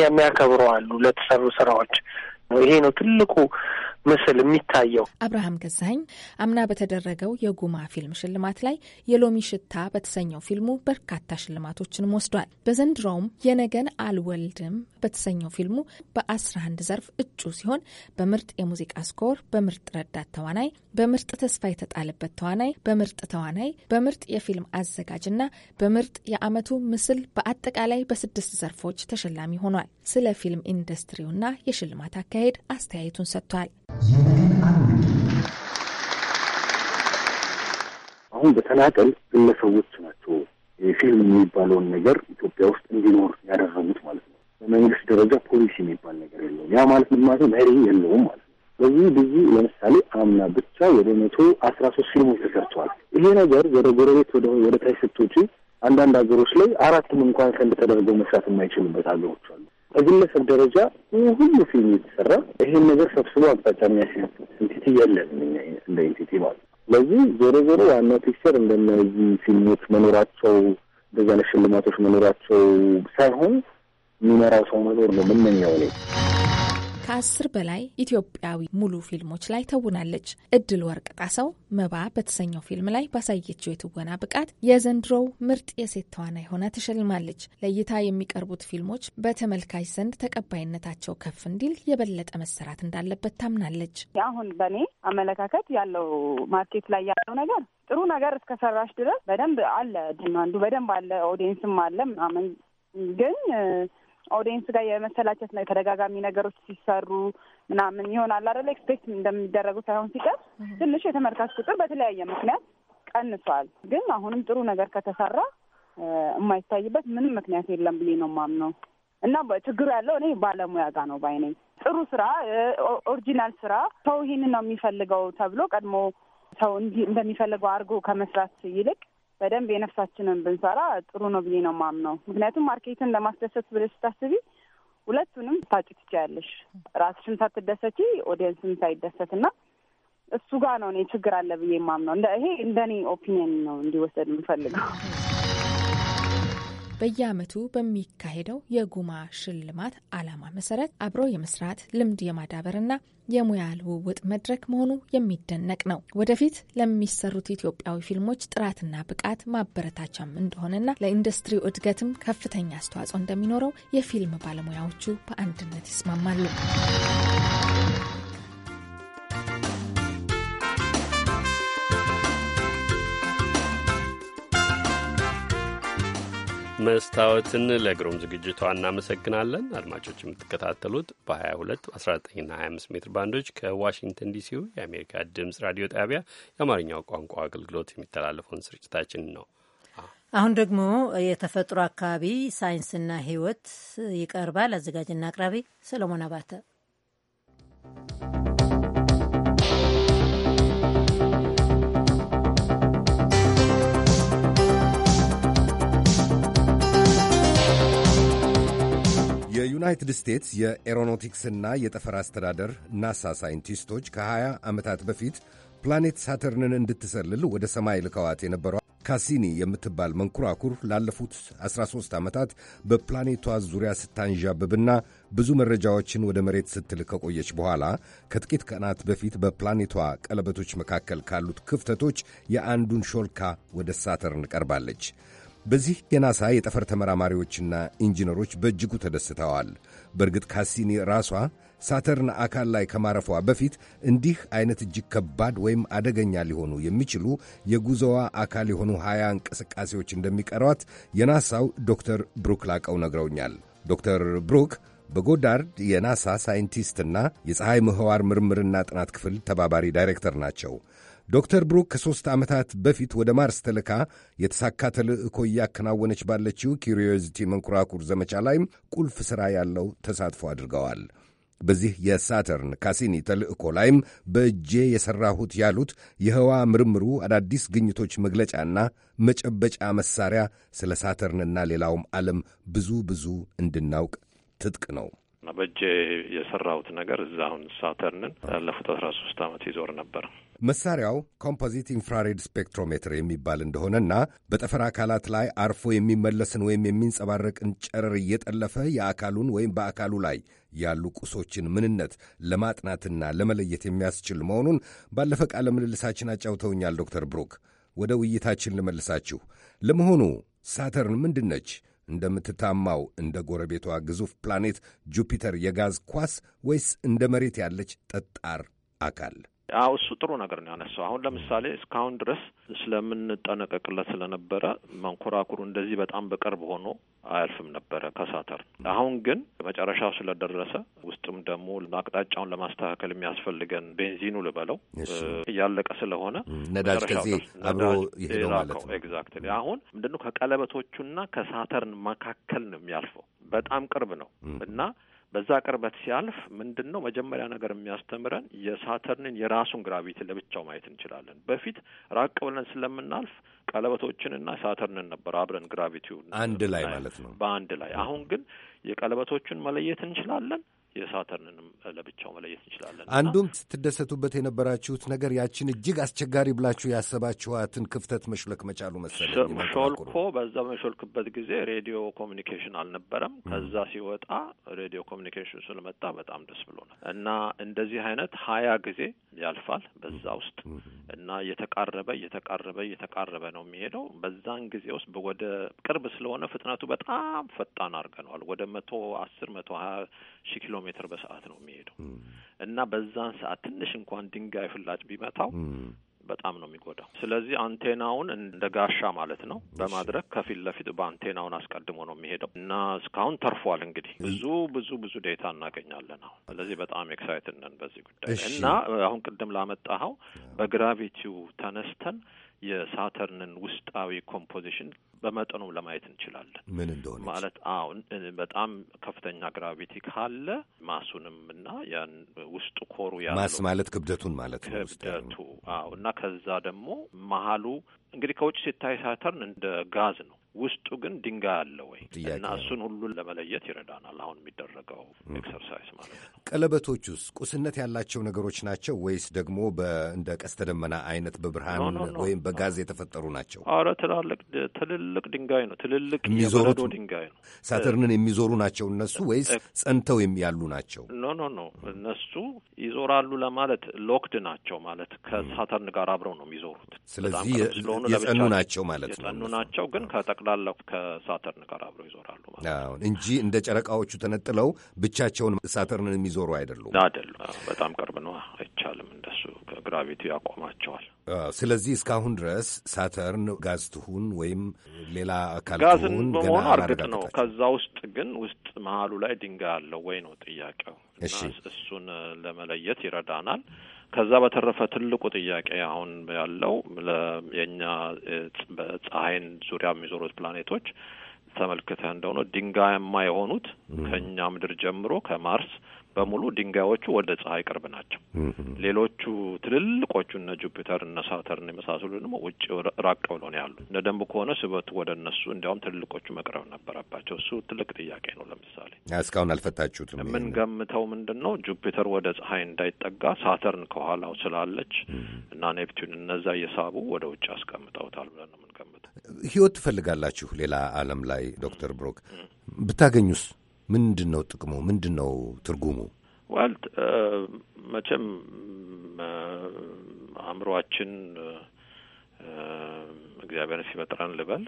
የሚያከብሩ አሉ ለተሰሩ ስራዎች ይሄ ነው ትልቁ ምስል የሚታየው። አብርሃም ገዛኸኝ አምና በተደረገው የጉማ ፊልም ሽልማት ላይ የሎሚ ሽታ በተሰኘው ፊልሙ በርካታ ሽልማቶችንም ወስዷል። በዘንድሮውም የነገን አልወልድም በተሰኘው ፊልሙ በአስራ አንድ ዘርፍ እጩ ሲሆን በምርጥ የሙዚቃ ስኮር፣ በምርጥ ረዳት ተዋናይ፣ በምርጥ ተስፋ የተጣለበት ተዋናይ፣ በምርጥ ተዋናይ፣ በምርጥ የፊልም አዘጋጅና በምርጥ የዓመቱ ምስል በአጠቃላይ በስድስት ዘርፎች ተሸላሚ ሆኗል። ስለ ፊልም ኢንዱስትሪውና የሽልማት አካሄድ አካሄድ አስተያየቱን ሰጥቷል። አሁን በተናጠል ግለሰቦች ናቸው የፊልም የሚባለውን ነገር ኢትዮጵያ ውስጥ እንዲኖር ያደረጉት ማለት ነው። በመንግስት ደረጃ ፖሊሲ የሚባል ነገር የለውም። ያ ማለት ምን ማለት መሪ የለውም ማለት ነው። በዚህ ብዙ ለምሳሌ አምና ብቻ ወደ መቶ አስራ ሶስት ፊልሞች ተሰርተዋል። ይሄ ነገር ወደ ጎረቤት ወደ ታይ ስቶች አንዳንድ ሀገሮች ላይ አራትም እንኳን ከንድ ተደርገው መስራት የማይችሉበት ሀገሮች አሉ። በግለሰብ ደረጃ ሁሉ ፊልም የተሰራ ይሄን ነገር ሰብስቦ አቅጣጫ የሚያስያዝ ኢንቲቲ የለን እንደ ኢንቲቲ ማለት። ስለዚህ ዞሮ ዞሮ ዋናው ፒክቸር እንደነዚህ ፊልሞች መኖራቸው እንደዚህ አይነት ሽልማቶች መኖራቸው ሳይሆን የሚመራው ሰው መኖር ነው። ምንኛው ነው ከአስር በላይ ኢትዮጵያዊ ሙሉ ፊልሞች ላይ ተውናለች። እድል ወርቅ ጣሰው መባ በተሰኘው ፊልም ላይ ባሳየችው የትወና ብቃት የዘንድሮው ምርጥ የሴት ተዋናይ ሆና ተሸልማለች። ለእይታ የሚቀርቡት ፊልሞች በተመልካች ዘንድ ተቀባይነታቸው ከፍ እንዲል የበለጠ መሰራት እንዳለበት ታምናለች። አሁን በእኔ አመለካከት ያለው ማርኬት ላይ ያለው ነገር ጥሩ ነገር እስከሰራሽ ድረስ በደንብ አለ፣ ዲማንዱ በደንብ አለ፣ ኦዲየንስም አለ ምናምን ግን ኦዲየንስ ጋር የመሰላቸት ነው። የተደጋጋሚ ነገሮች ሲሰሩ ምናምን ይሆናል አይደለ? ኤክስፔክት እንደሚደረጉ ሳይሆን ሲቀር ትንሽ የተመልካች ቁጥር በተለያየ ምክንያት ቀንሷል። ግን አሁንም ጥሩ ነገር ከተሰራ የማይታይበት ምንም ምክንያት የለም ብዬ ነው የማምነው እና ችግሩ ያለው እኔ ባለሙያ ጋር ነው ባይነኝ። ጥሩ ስራ፣ ኦሪጂናል ስራ ሰው ይሄንን ነው የሚፈልገው ተብሎ ቀድሞ ሰው እንደሚፈልገው አድርጎ ከመስራት ይልቅ በደንብ የነፍሳችንን ብንሰራ ጥሩ ነው ብዬ ነው ማምነው። ምክንያቱም ማርኬትን ለማስደሰት ብለሽ ስታስቢ ሁለቱንም ታጭ ትችያለሽ። ራስሽን ሳትደሰቺ ኦዲየንስም ሳይደሰትና እሱ ጋር ነው እኔ ችግር አለ ብዬ የማምነው። ይሄ እንደኔ ኦፒኒየን ነው እንዲወሰድ የምፈልገው። በየዓመቱ በሚካሄደው የጉማ ሽልማት ዓላማ መሰረት አብሮ የመስራት ልምድ የማዳበርና የሙያ ልውውጥ መድረክ መሆኑ የሚደነቅ ነው። ወደፊት ለሚሰሩት ኢትዮጵያዊ ፊልሞች ጥራትና ብቃት ማበረታቻም እንደሆነና ለኢንዱስትሪው እድገትም ከፍተኛ አስተዋጽኦ እንደሚኖረው የፊልም ባለሙያዎቹ በአንድነት ይስማማሉ። መስታወትን ለግሩም ዝግጅቷ እናመሰግናለን። አድማጮች የምትከታተሉት በ22፣ 19ና 25 ሜትር ባንዶች ከዋሽንግተን ዲሲው የአሜሪካ ድምፅ ራዲዮ ጣቢያ የአማርኛው ቋንቋ አገልግሎት የሚተላለፈውን ስርጭታችን ነው። አሁን ደግሞ የተፈጥሮ አካባቢ ሳይንስና ሕይወት ይቀርባል። አዘጋጅና አቅራቢ ሰለሞን አባተ የዩናይትድ ስቴትስ የኤሮኖቲክስና የጠፈር አስተዳደር ናሳ ሳይንቲስቶች ከ20 ዓመታት በፊት ፕላኔት ሳተርንን እንድትሰልል ወደ ሰማይ ልከዋት የነበረው ካሲኒ የምትባል መንኩራኩር ላለፉት 13 ዓመታት በፕላኔቷ ዙሪያ ስታንዣብብና ብዙ መረጃዎችን ወደ መሬት ስትል ከቆየች በኋላ ከጥቂት ቀናት በፊት በፕላኔቷ ቀለበቶች መካከል ካሉት ክፍተቶች የአንዱን ሾልካ ወደ ሳተርን ቀርባለች። በዚህ የናሳ የጠፈር ተመራማሪዎችና ኢንጂነሮች በእጅጉ ተደስተዋል። በእርግጥ ካሲኒ ራሷ ሳተርን አካል ላይ ከማረፏ በፊት እንዲህ አይነት እጅግ ከባድ ወይም አደገኛ ሊሆኑ የሚችሉ የጉዞዋ አካል የሆኑ ሀያ እንቅስቃሴዎች እንደሚቀሯት የናሳው ዶክተር ብሩክ ላቀው ነግረውኛል። ዶክተር ብሩክ በጎዳርድ የናሳ ሳይንቲስትና የፀሐይ ምህዋር ምርምርና ጥናት ክፍል ተባባሪ ዳይሬክተር ናቸው። ዶክተር ብሩክ ከሦስት ዓመታት በፊት ወደ ማርስ ተልካ የተሳካ ተልእኮ እያከናወነች ባለችው ኪሪዮዚቲ መንኮራኩር ዘመቻ ላይም ቁልፍ ሥራ ያለው ተሳትፎ አድርገዋል። በዚህ የሳተርን ካሲኒ ተልእኮ ላይም በእጄ የሠራሁት ያሉት የህዋ ምርምሩ አዳዲስ ግኝቶች መግለጫና መጨበጫ መሳሪያ ስለ ሳተርንና ሌላውም ዓለም ብዙ ብዙ እንድናውቅ ትጥቅ ነው። እና በእጄ የሰራሁት ነገር እዛ አሁን ሳተርንን ላለፉት አስራ ሶስት አመት ይዞር ነበር። መሳሪያው ኮምፖዚት ኢንፍራሬድ ስፔክትሮሜትር የሚባል እንደሆነና በጠፈር አካላት ላይ አርፎ የሚመለስን ወይም የሚንጸባረቅን ጨረር እየጠለፈ የአካሉን ወይም በአካሉ ላይ ያሉ ቁሶችን ምንነት ለማጥናትና ለመለየት የሚያስችል መሆኑን ባለፈ ቃለ ምልልሳችን አጫውተውኛል ዶክተር ብሩክ። ወደ ውይይታችን ልመልሳችሁ። ለመሆኑ ሳተርን ምንድን ነች? እንደምትታማው እንደ ጎረቤቷ ግዙፍ ፕላኔት ጁፒተር የጋዝ ኳስ ወይስ እንደ መሬት ያለች ጠጣር አካል? አዎ እሱ ጥሩ ነገር ነው ያነሳው። አሁን ለምሳሌ እስካሁን ድረስ ስለምንጠነቀቅለት ስለነበረ መንኮራኩሩ እንደዚህ በጣም በቅርብ ሆኖ አያልፍም ነበረ ከሳተር። አሁን ግን መጨረሻው ስለደረሰ ውስጥም ደግሞ አቅጣጫውን ለማስተካከል የሚያስፈልገን ቤንዚኑ ልበለው እያለቀ ስለሆነ ነዳጅ ከዚህ አብሮ ይሄደው ማለት ነው። ኤግዛክትሊ አሁን ምንድነው ከቀለበቶቹና ከሳተርን መካከል ነው የሚያልፈው። በጣም ቅርብ ነው እና በዛ ቅርበት ሲያልፍ ምንድን ነው መጀመሪያ ነገር የሚያስተምረን የሳተርንን የራሱን ግራቪቲ ለብቻው ማየት እንችላለን። በፊት ራቅ ብለን ስለምናልፍ ቀለበቶችንና ሳተርንን ነበር አብረን ግራቪቲ አንድ ላይ ማለት ነው በአንድ ላይ። አሁን ግን የቀለበቶቹን መለየት እንችላለን የሳተርንንም ለብቻው መለየት እንችላለን። አንዱም ስትደሰቱበት የነበራችሁት ነገር ያችን እጅግ አስቸጋሪ ብላችሁ ያሰባችኋትን ክፍተት መሽለክ መቻሉ መሰለኝ። ሾልኮ በዛ በመሾልክበት ጊዜ ሬዲዮ ኮሚኒኬሽን አልነበረም። ከዛ ሲወጣ ሬዲዮ ኮሚኒኬሽን ስለመጣ በጣም ደስ ነው እና እንደዚህ አይነት ሀያ ጊዜ ያልፋል በዛ ውስጥ እና እየተቃረበ እየተቃረበ እየተቃረበ ነው የሚሄደው። በዛን ጊዜ ውስጥ ወደ ቅርብ ስለሆነ ፍጥነቱ በጣም ፈጣን አድርገነዋል። ወደ መቶ አስር መቶ ሀያ ሺህ ኪሎ ሜትር በሰዓት ነው የሚሄደው እና በዛን ሰዓት ትንሽ እንኳን ድንጋይ ፍላጭ ቢመታው በጣም ነው የሚጎዳው። ስለዚህ አንቴናውን እንደ ጋሻ ማለት ነው በማድረግ ከፊት ለፊት በአንቴናውን አስቀድሞ ነው የሚሄደው እና እስካሁን ተርፏል። እንግዲህ ብዙ ብዙ ብዙ ዴታ እናገኛለን አሁን። ስለዚህ በጣም ኤክሳይትነን በዚህ ጉዳይ እና አሁን ቅድም ላመጣኸው በግራቪቲው ተነስተን የሳተርንን ውስጣዊ ኮምፖዚሽን በመጠኑ ለማየት እንችላለን። ምን እንደሆነ ማለት አሁን በጣም ከፍተኛ ግራቪቲ ካለ ማሱንም እና ያን ውስጡ ኮሩ ያለው ማስ ማለት ክብደቱን ማለት ነው። ክብደቱ አዎ። እና ከዛ ደግሞ መሀሉ እንግዲህ ከውጭ ሲታይ ሳተርን እንደ ጋዝ ነው ውስጡ ግን ድንጋይ አለ ወይ እና እሱን ሁሉን ለመለየት ይረዳናል። አሁን የሚደረገው ኤክሰርሳይዝ ማለት ነው። ቀለበቶች ውስጥ ቁስነት ያላቸው ነገሮች ናቸው ወይስ ደግሞ እንደ ቀስተ ደመና አይነት በብርሃን ወይም በጋዝ የተፈጠሩ ናቸው? አረ ትላልቅ ትልልቅ ድንጋይ ነው። ትልልቅ የሚዞሩት ድንጋይ ነው። ሳተርንን የሚዞሩ ናቸው እነሱ ወይስ ጸንተው ያሉ ናቸው? ኖ ኖ ኖ እነሱ ይዞራሉ ለማለት ሎክድ ናቸው ማለት ከሳተርን ጋር አብረው ነው የሚዞሩት። ስለዚህ የጸኑ ናቸው ማለት ነው። የጸኑ ናቸው ግን በጠቅላላው ከሳተርን ጋር አብረው ይዞራሉ ማለት እንጂ እንደ ጨረቃዎቹ ተነጥለው ብቻቸውን ሳተርንን የሚዞሩ አይደሉም አይደሉም። በጣም ቅርብ ነው፣ አይቻልም። እንደሱ ግራቪቲ ያቆማቸዋል። ስለዚህ እስካሁን ድረስ ሳተርን ጋዝ ትሁን ወይም ሌላ አካል ጋዝን በመሆኑ እርግጥ ነው። ከዛ ውስጥ ግን ውስጥ መሀሉ ላይ ድንጋይ አለው ወይ ነው ጥያቄው። እሺ እሱን ለመለየት ይረዳናል። ከዛ በተረፈ ትልቁ ጥያቄ አሁን ያለው የእኛ በፀሐይን ዙሪያ የሚዞሩት ፕላኔቶች ተመልክተህ እንደሆነ ድንጋያማ የሆኑት ከእኛ ምድር ጀምሮ ከማርስ በሙሉ ድንጋዮቹ ወደ ፀሐይ ቅርብ ናቸው። ሌሎቹ ትልልቆቹ እነ ጁፒተር እነ ሳተርን የመሳሰሉ ደግሞ ውጭ ራቅ ብሎ ነው ያሉ። እንደ ደንብ ከሆነ ስበቱ ወደ እነሱ እንዲያውም ትልልቆቹ መቅረብ ነበረባቸው። እሱ ትልቅ ጥያቄ ነው። ለምሳሌ እስካሁን አልፈታችሁትም። የምንገምተው ምንድን ነው ጁፒተር ወደ ፀሐይ እንዳይጠጋ ሳተርን ከኋላው ስላለች እና ኔፕቲዩን እነዛ እየሳቡ ወደ ውጭ አስቀምጠውታል ብለን ነው የምንገምተው። ህይወት ትፈልጋላችሁ ሌላ አለም ላይ ዶክተር ብሮክ ብታገኙስ? ምንድን ነው ጥቅሙ? ምንድን ነው ትርጉሙ? ዋልት መቼም አእምሯችን እግዚአብሔርን ሲፈጥረን ልበል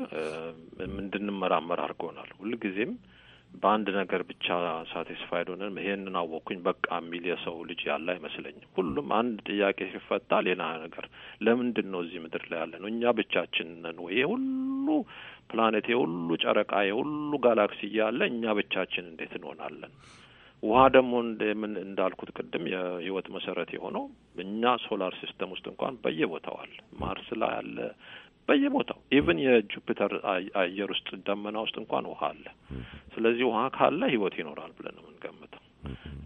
እንድንመራመር አድርጎናል። ሁልጊዜም በአንድ ነገር ብቻ ሳቲስፋይድ ሆነን ይሄንን አወቅኩኝ በቃ የሚል የሰው ልጅ ያለ አይመስለኝም። ሁሉም አንድ ጥያቄ ሲፈታ ሌላ ነገር፣ ለምንድን ነው እዚህ ምድር ላይ ያለ ነው? እኛ ብቻችን ወይ? ሁሉ ፕላኔት የሁሉ ጨረቃ የሁሉ ጋላክሲ እያለ እኛ ብቻችን እንዴት እንሆናለን? ውሃ ደግሞ እንደምን እንዳልኩት ቅድም የህይወት መሰረት የሆነው እኛ ሶላር ሲስተም ውስጥ እንኳን በየቦታው አለ። ማርስ ላይ አለ በየቦታው ኢቭን የጁፒተር አየር ውስጥ ደመና ውስጥ እንኳን ውሃ አለ። ስለዚህ ውሃ ካለ ህይወት ይኖራል ብለን ነው የምንገምተው።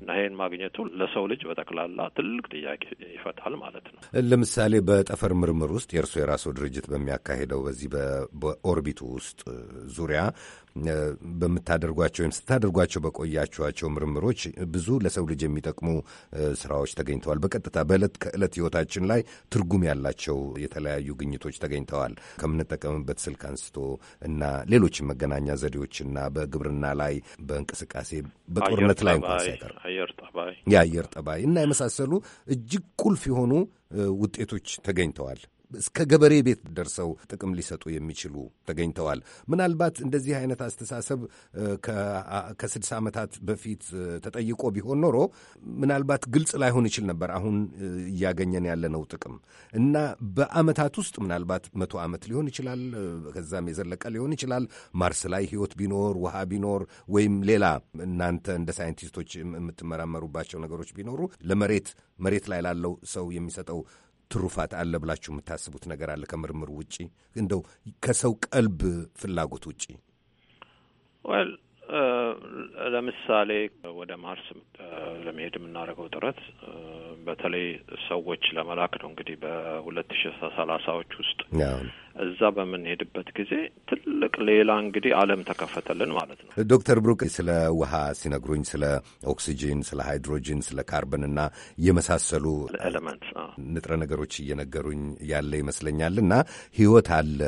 እና ይህን ማግኘቱ ለሰው ልጅ በጠቅላላ ትልቅ ጥያቄ ይፈታል ማለት ነው። ለምሳሌ በጠፈር ምርምር ውስጥ የእርሶ የራስዎ ድርጅት በሚያካሂደው በዚህ በኦርቢቱ ውስጥ ዙሪያ በምታደርጓቸው ወይም ስታደርጓቸው በቆያችኋቸው ምርምሮች ብዙ ለሰው ልጅ የሚጠቅሙ ስራዎች ተገኝተዋል። በቀጥታ በዕለት ከዕለት ህይወታችን ላይ ትርጉም ያላቸው የተለያዩ ግኝቶች ተገኝተዋል። ከምንጠቀምበት ስልክ አንስቶ እና ሌሎች መገናኛ ዘዴዎችና በግብርና ላይ በእንቅስቃሴ በጦርነት ላይ እንኳን ሳይቀር የአየር ጠባይ እና የመሳሰሉ እጅግ ቁልፍ የሆኑ ውጤቶች ተገኝተዋል። እስከ ገበሬ ቤት ደርሰው ጥቅም ሊሰጡ የሚችሉ ተገኝተዋል። ምናልባት እንደዚህ አይነት አስተሳሰብ ከስድስት ዓመታት በፊት ተጠይቆ ቢሆን ኖሮ ምናልባት ግልጽ ላይሆን ይችል ነበር አሁን እያገኘን ያለነው ጥቅም እና በአመታት ውስጥ ምናልባት መቶ ዓመት ሊሆን ይችላል፣ ከዛም የዘለቀ ሊሆን ይችላል። ማርስ ላይ ህይወት ቢኖር ውሃ ቢኖር ወይም ሌላ እናንተ እንደ ሳይንቲስቶች የምትመራመሩባቸው ነገሮች ቢኖሩ ለመሬት መሬት ላይ ላለው ሰው የሚሰጠው ትሩፋት አለ ብላችሁ የምታስቡት ነገር አለ ከምርምር ውጭ እንደው ከሰው ቀልብ ፍላጎት ውጪ ወል uh, ለምሳሌ ወደ ማርስ uh, ለመሄድ የምናደርገው ጥረት uh, በተለይ ሰዎች ለመላክ ነው። እንግዲህ በሁለት ሺ ሰላሳዎች ውስጥ እዛ በምንሄድበት ጊዜ ትልቅ ሌላ እንግዲህ ዓለም ተከፈተልን ማለት ነው። ዶክተር ብሩክ ስለ ውሃ ሲነግሩኝ ስለ ኦክሲጂን፣ ስለ ሃይድሮጂን፣ ስለ ካርበንና የመሳሰሉ ኤለመንት ንጥረ ነገሮች እየነገሩኝ ያለ ይመስለኛል እና ህይወት አለ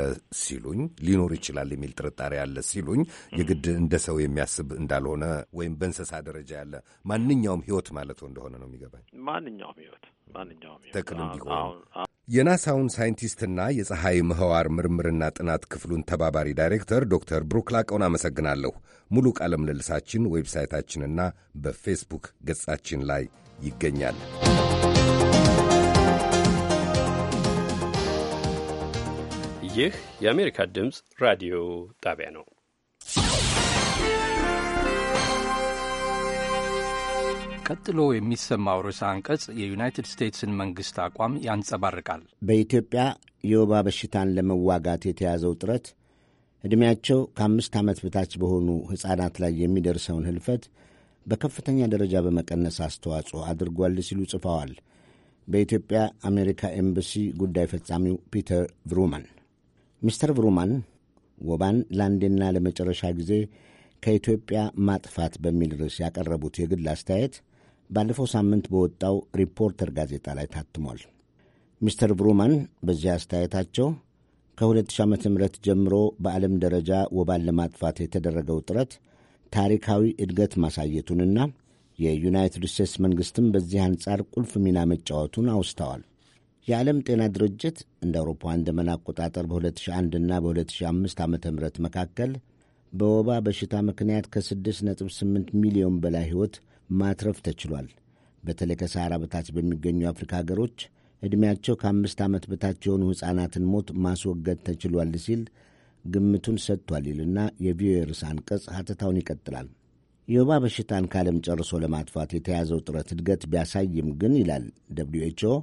ሲሉኝ ሊኖር ይችላል የሚል ጥርጣሬ አለ ሲሉኝ የግድ እንደ ሰው የሚያስብ እንዳልሆነ ወይም በእንስሳ ደረጃ ያለ ማንኛውም ህይወት ማለት እንደሆነ ነው የሚገባኝ። ማንኛውም ህይወት ማንኛውም የናሳውን ሳይንቲስትና የፀሐይ ምህዋር ምርምርና ጥናት ክፍሉን ተባባሪ ዳይሬክተር ዶክተር ብሩክ ላቀውን አመሰግናለሁ። ሙሉ ቃለ ምልልሳችን ዌብሳይታችንና በፌስቡክ ገጻችን ላይ ይገኛል። ይህ የአሜሪካ ድምፅ ራዲዮ ጣቢያ ነው። ቀጥሎ የሚሰማው ርዕሰ አንቀጽ የዩናይትድ ስቴትስን መንግሥት አቋም ያንጸባርቃል። በኢትዮጵያ የወባ በሽታን ለመዋጋት የተያዘው ጥረት ዕድሜያቸው ከአምስት ዓመት በታች በሆኑ ሕፃናት ላይ የሚደርሰውን ህልፈት በከፍተኛ ደረጃ በመቀነስ አስተዋጽኦ አድርጓል ሲሉ ጽፈዋል። በኢትዮጵያ አሜሪካ ኤምባሲ ጉዳይ ፈጻሚው ፒተር ቭሩማን። ሚስተር ቭሩማን ወባን ለአንዴና ለመጨረሻ ጊዜ ከኢትዮጵያ ማጥፋት በሚል ርዕስ ያቀረቡት የግል አስተያየት ባለፈው ሳምንት በወጣው ሪፖርተር ጋዜጣ ላይ ታትሟል። ሚስተር ብሩማን በዚህ አስተያየታቸው ከ2000 ዓ ም ጀምሮ በዓለም ደረጃ ወባን ለማጥፋት የተደረገው ጥረት ታሪካዊ እድገት ማሳየቱንና የዩናይትድ ስቴትስ መንግሥትም በዚህ አንጻር ቁልፍ ሚና መጫወቱን አውስተዋል። የዓለም ጤና ድርጅት እንደ አውሮፓውያን ዘመን አቆጣጠር በ2001 እና በ2005 ዓ ም መካከል በወባ በሽታ ምክንያት ከ6.8 ሚሊዮን በላይ ሕይወት ማትረፍ ተችሏል። በተለይ ከሰሃራ በታች በሚገኙ የአፍሪካ ሀገሮች ዕድሜያቸው ከአምስት ዓመት በታች የሆኑ ሕፃናትን ሞት ማስወገድ ተችሏል ሲል ግምቱን ሰጥቷል ይልና የቪኦኤ ርዕሰ አንቀጽ ሐተታውን ይቀጥላል። የወባ በሽታን ከዓለም ጨርሶ ለማጥፋት የተያዘው ጥረት እድገት ቢያሳይም ግን ይላል ደብሊው ኤች ኦ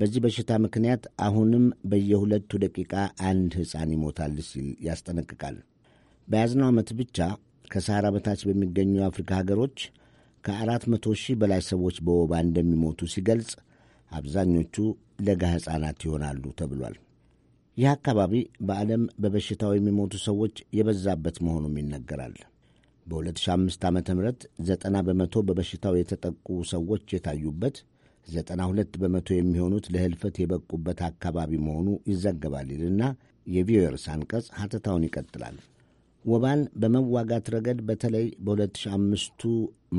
በዚህ በሽታ ምክንያት አሁንም በየሁለቱ ደቂቃ አንድ ሕፃን ይሞታል ሲል ያስጠነቅቃል። በያዝነው ዓመት ብቻ ከሰሃራ በታች በሚገኙ የአፍሪካ ሀገሮች ከአራት መቶ ሺህ በላይ ሰዎች በወባ እንደሚሞቱ ሲገልጽ አብዛኞቹ ለጋ ሕፃናት ይሆናሉ ተብሏል። ይህ አካባቢ በዓለም በበሽታው የሚሞቱ ሰዎች የበዛበት መሆኑም ይነገራል። በ2005 ዓ ም 90 በመቶ በበሽታው የተጠቁ ሰዎች የታዩበት 92 በመቶ የሚሆኑት ለህልፈት የበቁበት አካባቢ መሆኑ ይዘገባል ይልና የቪዮርስ አንቀጽ ሐተታውን ይቀጥላል። ወባን በመዋጋት ረገድ በተለይ በ2005ቱ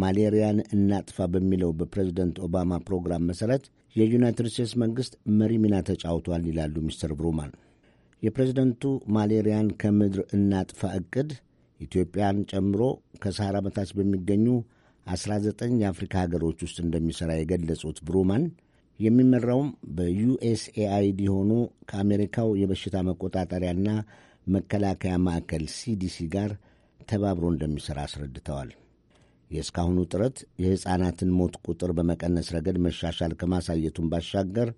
ማሌሪያን እናጥፋ በሚለው በፕሬዝደንት ኦባማ ፕሮግራም መሠረት የዩናይትድ ስቴትስ መንግሥት መሪ ሚና ተጫውቷል ይላሉ ሚስተር ብሩማን። የፕሬዝደንቱ ማሌሪያን ከምድር እናጥፋ እቅድ ኢትዮጵያን ጨምሮ ከሰሃራ በታች በሚገኙ 19 የአፍሪካ ሀገሮች ውስጥ እንደሚሠራ የገለጹት ብሩማን የሚመራውም በዩኤስኤአይዲ ሆኖ ከአሜሪካው የበሽታ መቆጣጠሪያና መከላከያ ማዕከል ሲዲሲ ጋር ተባብሮ እንደሚሠራ አስረድተዋል። የእስካሁኑ ጥረት የሕፃናትን ሞት ቁጥር በመቀነስ ረገድ መሻሻል ከማሳየቱን ባሻገር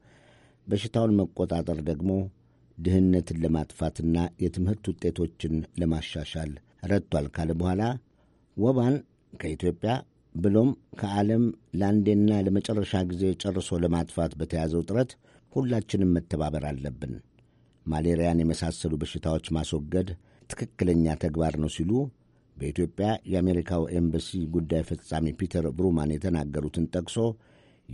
በሽታውን መቆጣጠር ደግሞ ድህነትን ለማጥፋትና የትምህርት ውጤቶችን ለማሻሻል ረድቷል ካለ በኋላ ወባን ከኢትዮጵያ ብሎም ከዓለም ለአንዴና ለመጨረሻ ጊዜ ጨርሶ ለማጥፋት በተያዘው ጥረት ሁላችንም መተባበር አለብን። ማሌሪያን የመሳሰሉ በሽታዎች ማስወገድ ትክክለኛ ተግባር ነው ሲሉ በኢትዮጵያ የአሜሪካው ኤምባሲ ጉዳይ ፈጻሚ ፒተር ብሩማን የተናገሩትን ጠቅሶ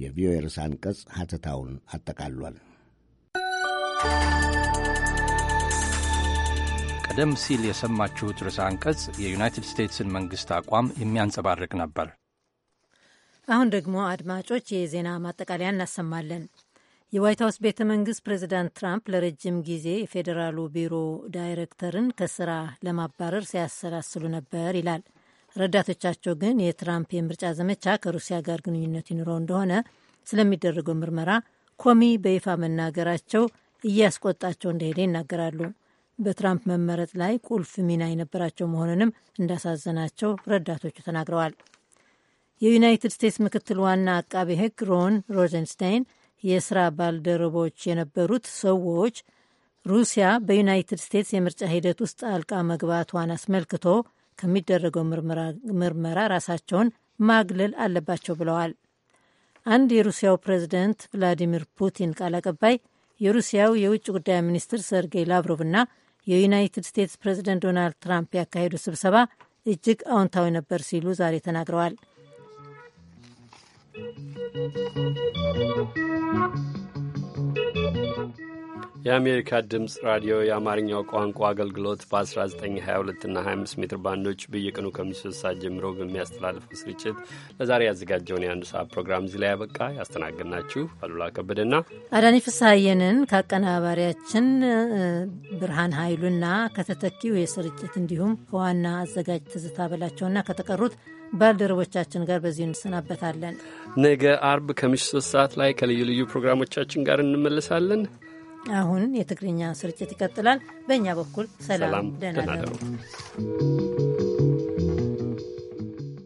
የቪኦኤ ርዕሰ አንቀጽ ሐተታውን አጠቃሏል። ቀደም ሲል የሰማችሁት ርዕሰ አንቀጽ የዩናይትድ ስቴትስን መንግሥት አቋም የሚያንጸባርቅ ነበር። አሁን ደግሞ አድማጮች የዜና ማጠቃለያ እናሰማለን። የዋይት ሀውስ ቤተ መንግስት ፕሬዚዳንት ትራምፕ ለረጅም ጊዜ የፌዴራሉ ቢሮ ዳይሬክተርን ከስራ ለማባረር ሲያሰላስሉ ነበር ይላል። ረዳቶቻቸው ግን የትራምፕ የምርጫ ዘመቻ ከሩሲያ ጋር ግንኙነት ይኑረው እንደሆነ ስለሚደረገው ምርመራ ኮሚ በይፋ መናገራቸው እያስቆጣቸው እንደሄደ ይናገራሉ። በትራምፕ መመረጥ ላይ ቁልፍ ሚና የነበራቸው መሆኑንም እንዳሳዘናቸው ረዳቶቹ ተናግረዋል። የዩናይትድ ስቴትስ ምክትል ዋና አቃቤ ሕግ ሮን ሮዘንስታይን የስራ ባልደረቦች የነበሩት ሰዎች ሩሲያ በዩናይትድ ስቴትስ የምርጫ ሂደት ውስጥ ጣልቃ መግባቷን አስመልክቶ ከሚደረገው ምርመራ ራሳቸውን ማግለል አለባቸው ብለዋል። አንድ የሩሲያው ፕሬዚደንት ቭላዲሚር ፑቲን ቃል አቀባይ የሩሲያው የውጭ ጉዳይ ሚኒስትር ሰርጌይ ላቭሮቭ እና የዩናይትድ ስቴትስ ፕሬዚደንት ዶናልድ ትራምፕ ያካሄዱ ስብሰባ እጅግ አዎንታዊ ነበር ሲሉ ዛሬ ተናግረዋል። የአሜሪካ ድምፅ ራዲዮ የአማርኛው ቋንቋ አገልግሎት በ1922 እና 25 ሜትር ባንዶች በየቀኑ ከምሽቱ ሰዓት ጀምሮ በሚያስተላልፈው ስርጭት ለዛሬ ያዘጋጀውን የአንድ ሰዓት ፕሮግራም እዚህ ላይ ያበቃ። ያስተናገድናችሁ አሉላ ከበደና አዳኒ ፍስሐየንን ከአቀናባሪያችን ብርሃን ኃይሉና ከተተኪው የስርጭት እንዲሁም ከዋና አዘጋጅ ትዝታ በላቸውና ከተቀሩት ባልደረቦቻችን ጋር በዚሁ እንሰናበታለን። ነገ አርብ ከምሽት ሶስት ሰዓት ላይ ከልዩ ልዩ ፕሮግራሞቻችን ጋር እንመለሳለን። አሁን የትግርኛ ስርጭት ይቀጥላል። በእኛ በኩል ሰላም፣ ደህና